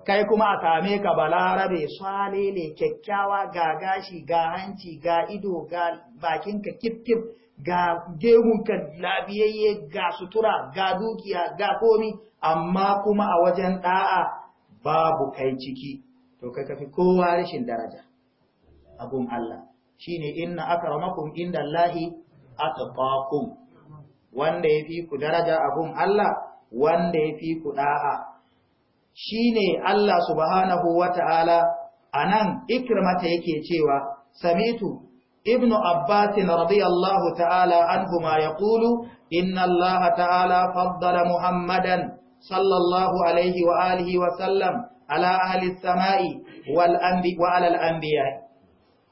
kai kuma a same ka balarabe salele kyakkyawa ga gashi ga hanci ga ido ga bakinka kifkif ga ka labiyayye ga sutura ga dukiya ga komi amma kuma a wajen ɗa'a. babu kai ciki to kai kafi kowa rashin daraja abun Allah shine inna akramakum indallahi atqakum wanda ya fi ku daraja abun Allah wanda ya fi ku da'a shine Allah subhanahu wata'ala anan ikramata yake cewa samitu ابن عباس رضي الله تعالى عنهما يقول إن الله تعالى فضل محمدا sallallahu alaihi wa alihi wa sallam ala ahli samai wal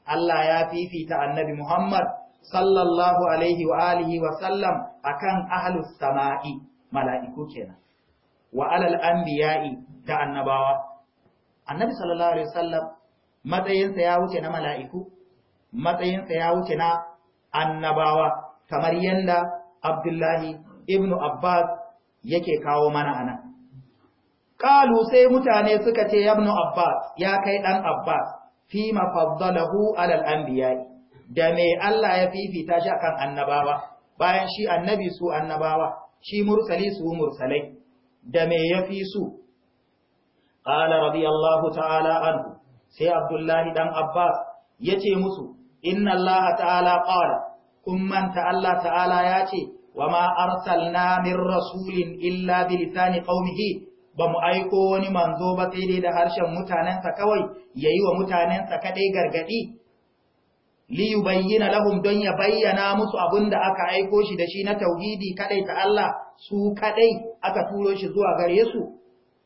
Allah ya fifita annabi Muhammad sallallahu alaihi wa alihi wa sallam akan ahli samai mala'iku kenan wa ala al da annabawa annabi sallallahu alaihi wa sallam matsayinsa ya wuce na mala'iku matsayinsa ya wuce na annabawa kamar yadda Abdullahi ibn Abbas yake kawo mana anan Ƙalu sai mutane suka ce ibn abbas ya kai ɗan abbas fi mafaddalahu ala al-anbiya da me Allah ya fifita shi akan annabawa bayan shi annabi su annabawa shi mursali su mursalai da me ya fi su qala radiyallahu ta'ala anhu sai abdullahi ɗan abbas yace musu inna allaha ta'ala qala kun manta allah ta'ala yace wama arsalna min rasulin illa bi lisani qaumihi ba mu aiko wani manzo ba sai dai da harshen mutanensa kawai yayi wa mutanensa kaɗai gargadi liyu bayyana lahum don ya bayyana musu abin da aka aiko shi da shi na tauhidi kaɗai ta Allah su kadai aka turo shi zuwa gare su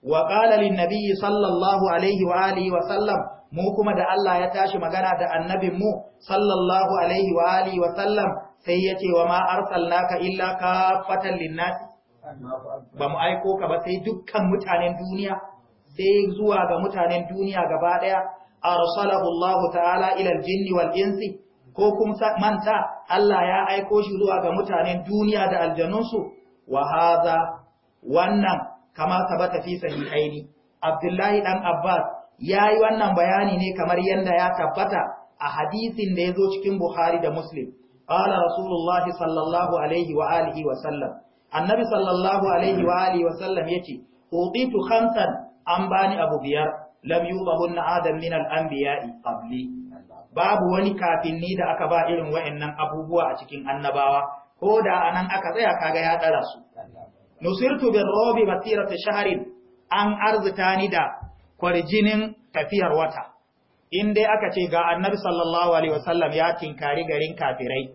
wa qala lin nabiyyi sallallahu alaihi wa alihi wa sallam mu kuma da Allah ya tashi magana da annabin mu sallallahu alaihi wa alihi wa sallam sai ya ce wa ma arsalnaka illa kafatan linnasi ba mu aiko ka ba sai dukkan mutanen duniya sai zuwa ga mutanen duniya gaba daya arsalahu Allahu ta'ala ila aljinni wal insi ko kuma manta Allah ya aiko shi zuwa ga mutanen duniya da aljanunsu wa hadha wannan kama sabata fi sahihaini Abdullahi dan Abbas yayi wannan bayani ne kamar yanda ya tabbata a hadisin da yazo cikin Bukhari da Muslim qala rasulullah sallallahu alaihi wa wa sallam annabi sallallahu alaihi wa wa sallam yace uqitu khamsan an bani abu biyar lam yubahunna adam min al anbiya'i qabli babu wani kafin ni da aka ba irin wa'annan abubuwa a cikin annabawa ko da anan aka tsaya kaga ya dara su nusirtu bin robi masirata shaharin an arzita ni da kwarjinin tafiyar wata in dai aka ce ga annabi sallallahu alaihi wasallam ya tinkari garin kafirai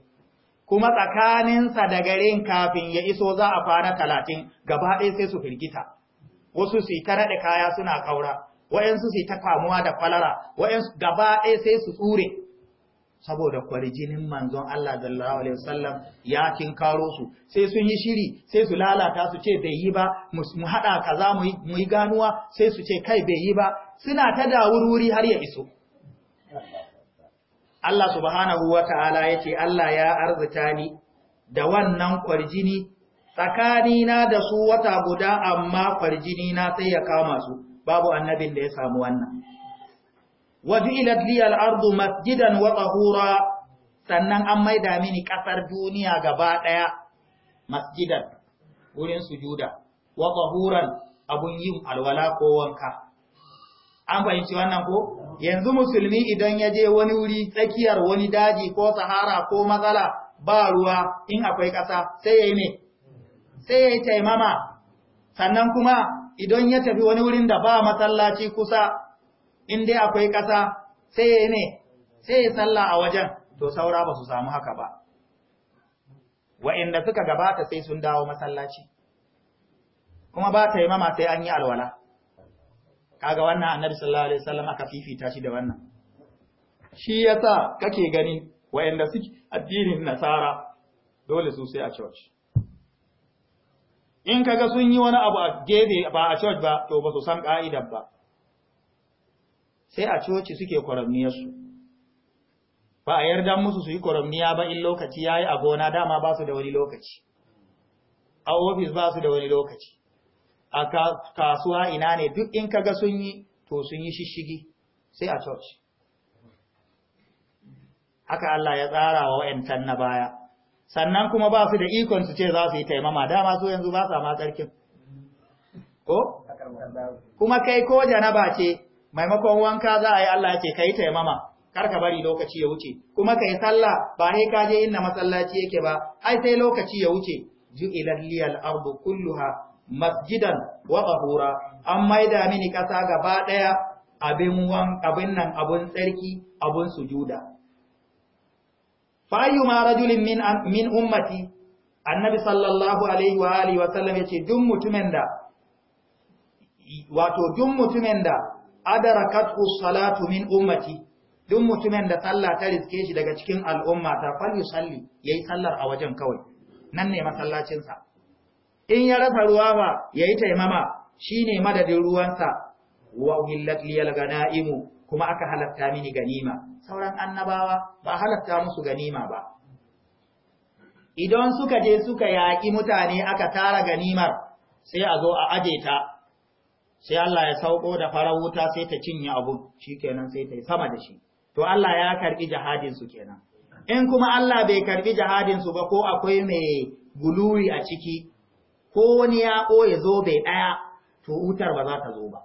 kuma tsakaninsa da garin kafin ya iso za a fara talatin gaba ɗaya sai su firgita wasu su ta naɗe kaya suna kaura wa'yansu su ta kamuwa da kwalara wa'yansu gaba ɗaya sai su tsure saboda kwarjinin manzon Allah sallallahu alaihi wasallam ya tinkaro su sai sun yi shiri sai su lalata su ce bai yi ba mu haɗa kaza mu yi ganuwa sai su ce kai bai yi ba suna ta dawururi har ya iso Allah subhanahu wa ta'ala ya ce, Allah ya arzuta ni da wannan kwarjini, tsakanina da su wata guda amma kwarjini na sai ya kama su, babu annabin da ya samu wannan. Wajilat li al'ardu masjidan wa hura sannan an maida mini ƙasar duniya gaba ɗaya masjidan, wurin sujuda, wa huran abun yin alwala ko wanka. an fahimci wannan ko yanzu musulmi idan ya je wani wuri tsakiyar wani daji ko sahara ko matsala ba ruwa in akwai ƙasa sai ya yi ne sai ya yi taimama sannan kuma idan ya tafi wani wurin da ba masallaci kusa in dai akwai ƙasa sai ya yi ne sai ya salla a wajen to saura ba su samu haka ba wa'inda suka gabata sai sun dawo masallaci kuma ba taimama sai an yi alwala kaga wannan annabi sallallahu alaihi wasallam aka fifita shi da wannan shi yasa kake gani wayanda suke addinin nasara dole su sai a church in kaga sun yi wani abu a gefe ba a church ba to ba su san ka'ida ba sai a coci suke su. ba a yarda musu su yi kwaramniya ba in lokaci yayi a gona dama ba su da wani lokaci a ofis ba su da wani lokaci a kasuwa ina ne duk in kaga sun yi to sun yi shishigi sai a church haka Allah ya tsara wa wa'yantan na baya sannan kuma ba su da ikon su ce za su yi taimama dama su yanzu ba sa ma tsarkin ko kuma kai ko janaba ce maimakon wanka za a yi Allah ce kai taimama kar ka bari lokaci ya wuce kuma kai sallah ba sai ka je inna masallaci yake ba ai sai lokaci ya wuce ju'ilal liyal ardu kulluha masjidan wa tahura an maida mini ƙasa gaba ɗaya abin wan abin nan abun tsarki abun sujuda fayu ma rajulin min min ummati annabi sallallahu alaihi wa alihi wa sallam yace duk mutumin da wato duk mutumin da adarakatu salatu min ummati duk mutumin da sallah ta riske shi daga cikin al'umma ta fal yusalli yayi sallar a wajen kawai nan ne masallacin sa in ya rasa ruwa ba ya yi taimama shi ne madadin ruwansa wa uhillat liyal ganaimu kuma aka halatta mini ganima sauran annabawa ba halatta musu ganima ba idan suka je suka yaƙi mutane aka tara ganimar sai a zo a aje ta sai Allah ya sauko da farar wuta sai ta cinye abun shikenan sai ta yi sama da shi to Allah ya karbi jihadin su kenan in kuma Allah bai karbi jihadin su ba ko akwai mai guluri a ciki ko wani ya zo bai ɗaya to wutar ba za ta zo ba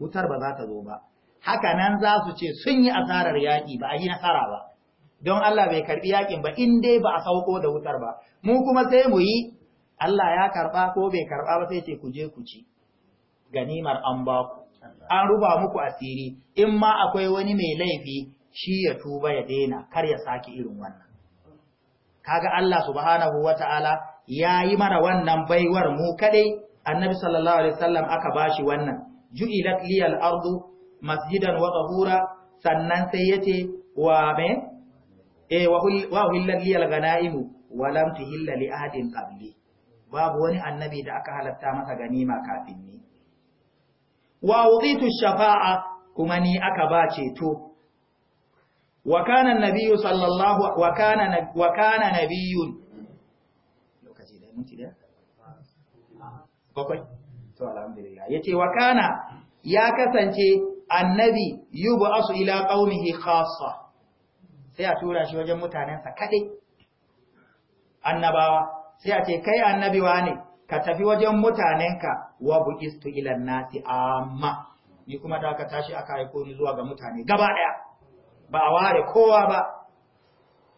wutar ba za ta zo ba haka nan za su ce sun yi asarar yaƙi ba a yi nasara ba don Allah bai karɓi yaƙin ba in dai ba a sauko da wutar ba mu kuma sai mu yi Allah ya karɓa ko bai karɓa ba sai ce ku je ku ci ganimar an ba ku an ruba muku asiri in ma akwai wani mai laifi shi ya tuba ya daina kar ya saki irin wannan kaga Allah subhanahu wata'ala ya yi mana wannan baiwar mu kadai annabi sallallahu alaihi wasallam aka bashi wannan ju'ilat liyal ardu masjidan wa tahura sannan sai yace wa me eh wa uhillat liyal ganaimu wa lam tuhilla li ahadin qabli babu wani annabi da aka halatta masa ganima kafin ni wa wuditu shafa'a kuma ni aka ba ceto wa kana nabiyyu sallallahu wa kana wa kana nabiyyun minti da bakwai to alhamdulillah yace wa kana ya kasance annabi yub'asu ila qaumihi khassa sai a tura shi wajen mutanensa kaɗai annabawa sai a ce kai wa ne ka tafi wajen mutanenka wa buqistu ila nasi amma ni kuma da ka tashi aka aiko ni zuwa ga mutane gaba ɗaya ba a ware kowa ba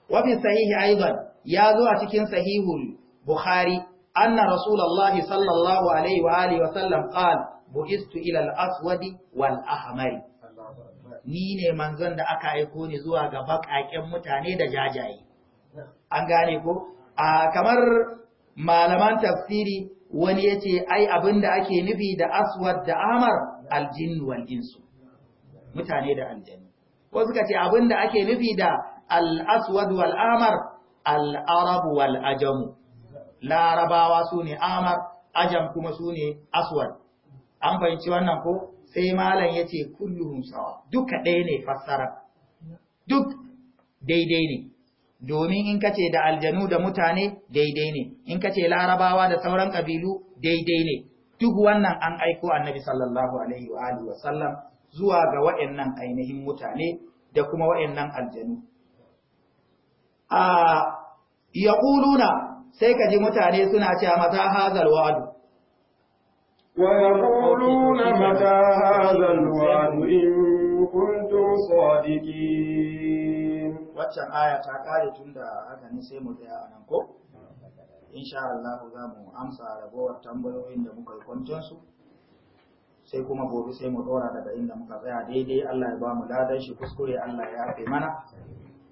wa bi sahihi aidan ya zo a cikin sahihul Bukhari anna Rasulallah sallallahu alaihi wa alihi wa sallam qal bu'istu ila al-aswadi wal ahmari ni ne manzon da aka aiko ni zuwa ga bakaken mutane da jajaye an gane ko a kamar malaman tafsiri wani yace ai abinda ake nufi da aswad da ahmar aljin wal insu mutane da aljanu wasu ka ce abinda ake nufi da al-aswad wal ahmar al-arab wal ajamu larabawa su ne amar ajam kuma su ne aswad an fahimci wannan ko sai malam ya ce kulluhun sawa duka ɗaya ne fassara duk daidai ne domin in ka ce da aljanu da mutane daidai ne in ka ce larabawa da sauran ƙabilu, daidai ne duk wannan an aiko annabi sallallahu alaihi wa wa sallam zuwa ga waɗannan ainihin mutane da kuma waɗannan aljanu a ah, yaquluna sai ka ji mutane suna cewa mata hazal wa'adu wa yaquluna mata hazal wa'adu in kuntum sadiqin waccan aya ta kare tunda haka ne sai mu tsaya nan ko insha Allah za mu amsa ragowar tambayoyin da muka yi kwancin su sai kuma gobe sai mu dora daga inda muka tsaya daidai Allah ya ba mu ladan shi kuskure Allah ya yafe mana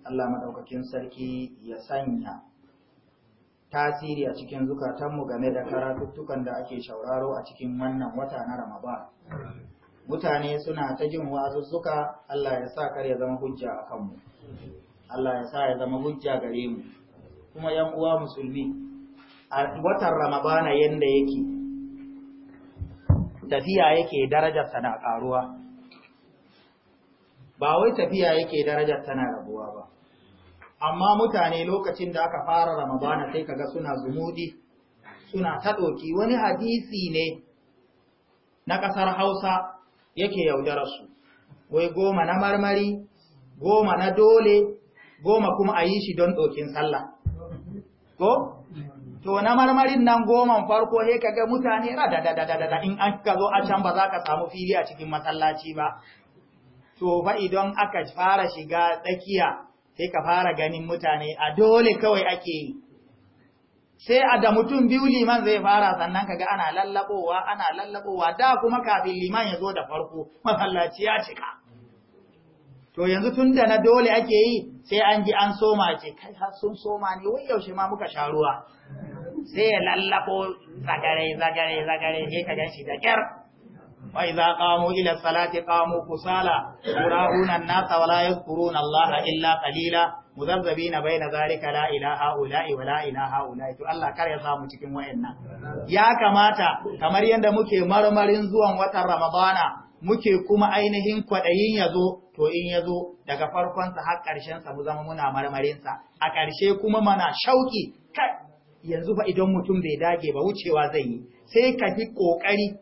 Allah madaukakin sarki ya sanya tasiri a cikin zukatanmu game da karatuttukan da ake shauraro a cikin wannan wata na Ramadan. Mutane suna ta jin wazuzzuka Allah ya sa kar ya zama hujja a kanmu. Allah ya sa ya zama hujja gare mu. Kuma ‘yan uwa musulmi, a watan Ramadan yanda yake, tafiya yake darajarta na ƙaruwa. Ba wai tafiya yake darajar na rabuwa ba. amma mutane lokacin da aka fara ramadana sai kaga suna zumudi suna ta ɗoki wani hadisi ne na ƙasar hausa yake yaudararsu wai goma na marmari goma na dole goma kuma a yi shi don ɗokin sallah ko? to na marmarin nan goman farko sai kaga mutane da-da-da in an ka zo a can ba za ka samu fili a cikin masallaci ba to fa idan aka fara shiga tsakiya sai ka fara ganin mutane a dole kawai ake yi sai a da mutum biyu liman zai fara sannan kaga ana lallabowa ana lallabowa da kuma kafin liman ya zo da farko masallaci ya cika to yanzu tun da na dole ake yi sai an ji an soma ce kai har sun soma ne wai yaushe ma muka sha ruwa sai ya lallabo zagare zagare zagare sai ka shi da kyar wa idza qamu ila salati qamu kusala yura'una an-nasa wa la yadhkuruna Allah illa qalila mudabbina baina zalika la ilaha ula'i wa to Allah kar ya samu cikin wayannan ya kamata kamar yanda muke marmarin zuwan watan Ramadana muke kuma ainihin kwadayin yazo to in yazo daga farkon sa har karshen sa mu zama muna marmarin sa a karshe kuma mana shauki kai yanzu fa idan mutum bai dage ba wucewa zai yi sai ka fi kokari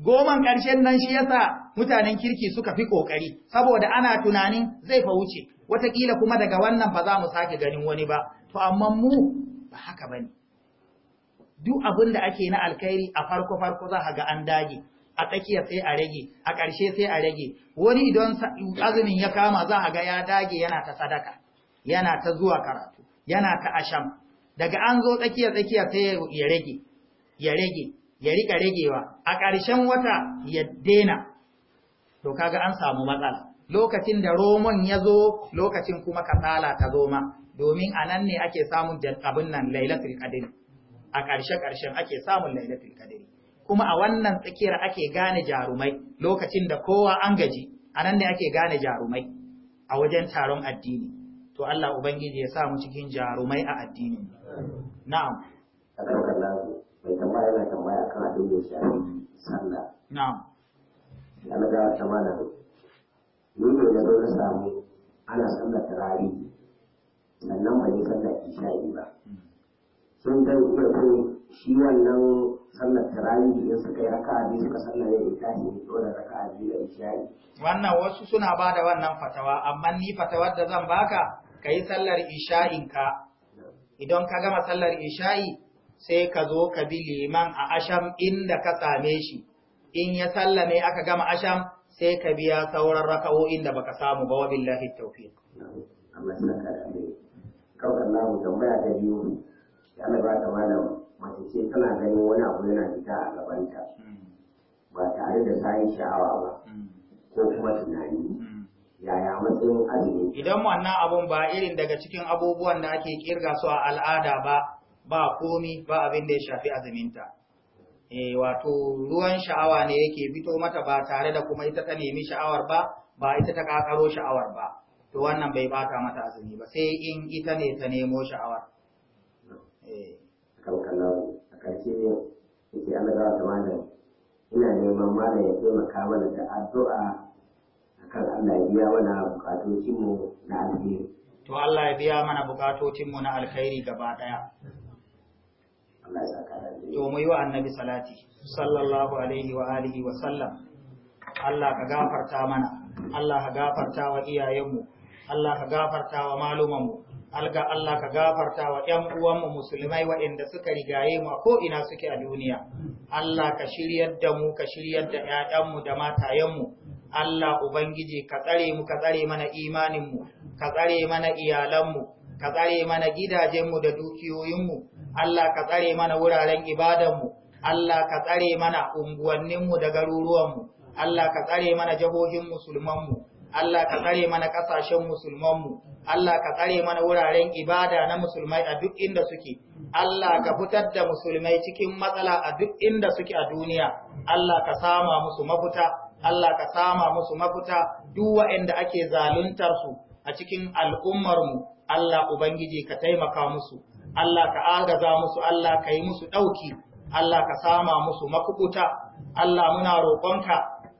goman ƙarshen nan shi yasa mutanen kirki suka fi ƙoƙari saboda ana tunanin zai fa wuce wataƙila kuma daga wannan ba za mu sake ganin wani ba to amma mu ba haka ba ne. duk abin da ake na alkhairi a farko farko za ka ga an dage a tsakiya sai a rage a ƙarshe sai a rage wani idan azumin ya kama za a ga ya dage yana ta sadaka yana ta zuwa karatu yana ta asham daga an zo tsakiya tsakiya sai ya rage ya rage ya rika ragewa a ƙarshen wata ya dena to kaga an samu matsala lokacin da roman ya zo lokacin kuma kasala ta zo ma domin a nan ne ake samun abin nan lailatul qadr a ƙarshe ƙarshen ake samun lailatul qadr kuma a wannan tsakiyar ake gane jarumai lokacin da kowa an gaji a nan ne ake gane jarumai a wajen taron addini to Allah ubangiji ya sa mu cikin jarumai a addinin na'am mai tambaya yana tambaya kan abin da ya shafi sallah na'am ya na gawa ta mana ni ne na zo na samu ana sallar tarari sannan ba ne sallar isha'i ba sun kai kuma ko shi wannan sallar tarari idan suka yi raka'a biyu suka sallar ya isha'i ne dole raka'a biyu da isha'i wannan wasu suna ba da wannan fatawa amma ni fatawar da zan baka ka yi sallar isha'in ka idan ka gama sallar isha'i sai ka zo ka bi liman a asham inda ka same shi in ya sallame aka gama asham sai ka biya sauran raka'o'in da baka samu ba wabillahi tawfiq amma sai ka kawai na mu tambaya ta biyu ya Allah ba ta malam mace ce tana ganin wani abu yana fita a gabanta ba tare da sayin sha'awa ba ko kuma tunani yaya matsayin azumi idan wannan abun ba irin daga cikin abubuwan da ake kirga su a al'ada ba ba komi ba abin da ya shafi azuminta eh wato ruwan sha'awa ne yake fito mata ba tare da kuma ita ta nemi sha'awar ba ba ita ta kakaro sha'awar ba to wannan bai bata mata azumi ba sai in ita ne ta nemo sha'awar eh a karshe Allah ga Allah biya mana bukatocinmu na To Allah ya biya mana bukatocinmu na alkhairi gaba ɗaya. to mai wa annabi salati sallallahu alaihi wa alihi wa sallam Allah ka gafarta mana Allah ka gafarta wa iyayenmu Allah ka gafarta wa malumanmu alga Allah ka gafarta wa ƴan uwanmu musulmai waɗanda suka rigaye mu a ko'ina suke a duniya Allah ka shiryar da mu ka shiryar da 'ya'yanmu da matayenmu Allah ubangiji ka tsare mu ka tsare mana imaninmu ka tsare mana iyalanmu ka tsare mana gidajenmu da dukiyoyinmu Allah ka tsare mana wuraren ibadanmu, Allah ka tsare mana unguwanninmu da garuruwanmu, Allah ka tsare mana jihohin musulmanmu, Allah ka tsare mana ƙasashen musulmanmu, Allah ka tsare mana wuraren ibada na musulmai a duk inda suke, Allah ka fitar da musulmai cikin matsala a duk inda suke a duniya, Allah ka sama musu mafuta, Allah ka sama musu mafuta duk waɗanda ake zaluntar su a cikin al'ummarmu, Allah Ubangiji ka taimaka musu. Allah ka agaza musu Allah ka yi musu ɗauki Allah ka sama musu makubuta Allah muna roƙonka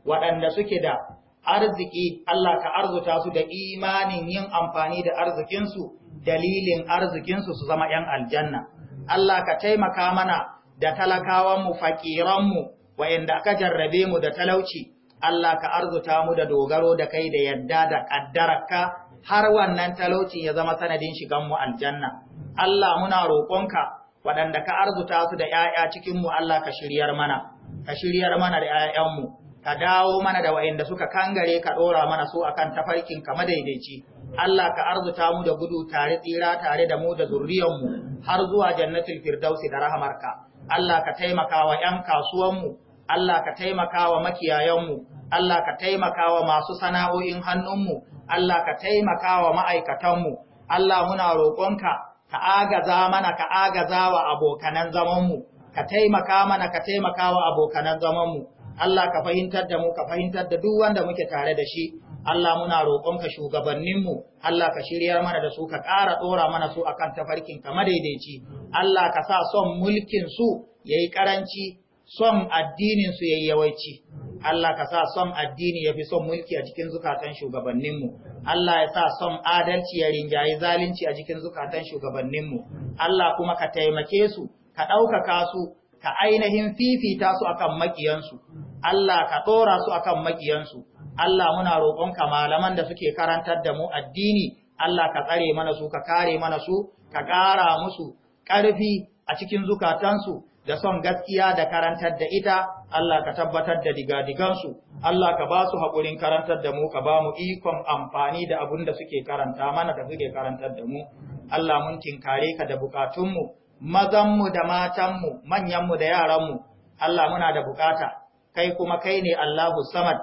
waɗanda suke da arziki Allah ka arzuta su da imanin yin amfani da arzikinsu dalilin arzikinsu su zama ‘yan aljanna Allah ka taimaka mana da talakawanmu fakiranmu waɗanda aka jarrabe mu da talauci Allah ka arzuta mu da dogaro da kai da yadda da ƙaddararka har wannan talauci ya zama sanadin shigan mu aljanna Allah muna roƙonka waɗanda ka arzuta su da ‘ya'ya cikinmu Allah ka shiryar mana, ka shiryar mana da ‘ya'yanmu, ka dawo mana da wa'inda suka kangare ka ɗora mana su akan tafarkin ka madaidaici. Allah ka arzuta mu da gudu tare tsira tare da mu da zurriyanmu har zuwa jannatul firdausi da rahamarka. Allah ka taimaka wa ‘yan kasuwanmu, Allah ka taimaka wa makiyayanmu, Allah ka taimaka wa masu sana'o'in hannunmu, Allah ka taimaka wa ma'aikatanmu, Allah muna roƙonka ka agaza mana ka agaza wa abokanan zamanmu, ka taimaka mana ka taimaka wa abokanan zamanmu, Allah ka fahimtar da mu ka fahimtar da duk wanda muke tare da shi, Allah muna roƙonka shugabanninmu, Allah ka shiryar mana da su ka ƙara ɗora mana su akan tafarkin ka madaidaici, Allah ka sa son mulkin su yayi ƙaranci, son addinin su yayi yawanci. Allah ka sa son addini ya fi son mulki a cikin zukatan shugabanninmu. Allah ya sa son adalci ya rinjayi zalunci a cikin zukatan shugabanninmu. Allah kuma ka taimake su, ka ɗaukaka su, ka ainihin fifita su akan makiyansu. Allah ka ɗora su akan makiyansu. Allah muna roƙonka malaman da suke karantar da mu addini, Allah ka tsare mana su, ka kare mana su, ka ƙara musu ƙarfi a cikin zukatansu, da son gaskiya da karantar da ita, Allah ka tabbatar da digadigansu, Allah ka ba su haƙurin karantar da mu, ka ba mu ikon amfani da abun da suke karanta mana da suke karantar da mu. Allah mun tinkare ka da bukatunmu, mazanmu da matanmu, manyanmu da yaranmu, Allah muna da bukata, kai kuma kai ne Allahu Samad,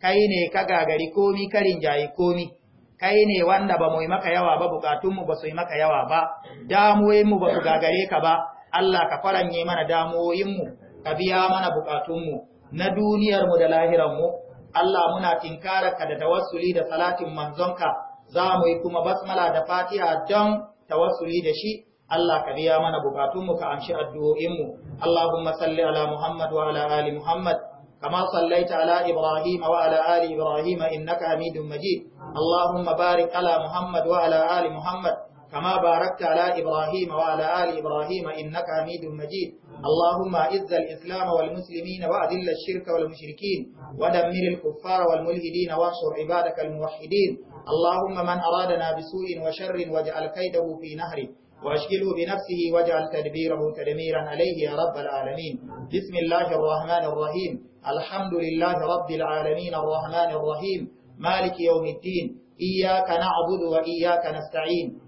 kai ne ka gagari komi karin jayi komi. kai ne wanda ba mu yi maka yawa ba bukatunmu ba su yi maka yawa ba damuwoyinmu ba su gagare ka ba Allah ka faranye mana damuwoyinmu ka biya mana bukatunmu na duniyarmu da lahiranmu Allah muna tinkararka da tawassuli da salatin manzonka za mu yi kuma basmala da fatiha don tawassuli da shi Allah ka biya mana bukatunmu ka amshi addu'o'inmu Allahumma salli ala Muhammad wa ala ali Muhammad كما صليت على إبراهيم وعلى آل إبراهيم إنك حميد مجيد اللهم بارك على محمد وعلى آل محمد كما باركت على إبراهيم وعلى آل إبراهيم إنك حميد مجيد اللهم أعز الإسلام والمسلمين وأذل الشرك والمشركين ودمر الكفار والملحدين وانصر عبادك الموحدين اللهم من أرادنا بسوء وشر واجعل كيده في نهره وأشغله بنفسه واجعل تدبيره تدميرا عليه يا رب العالمين بسم الله الرحمن الرحيم الحمد لله رب العالمين الرحمن الرحيم مالك يوم الدين إياك نعبد وإياك نستعين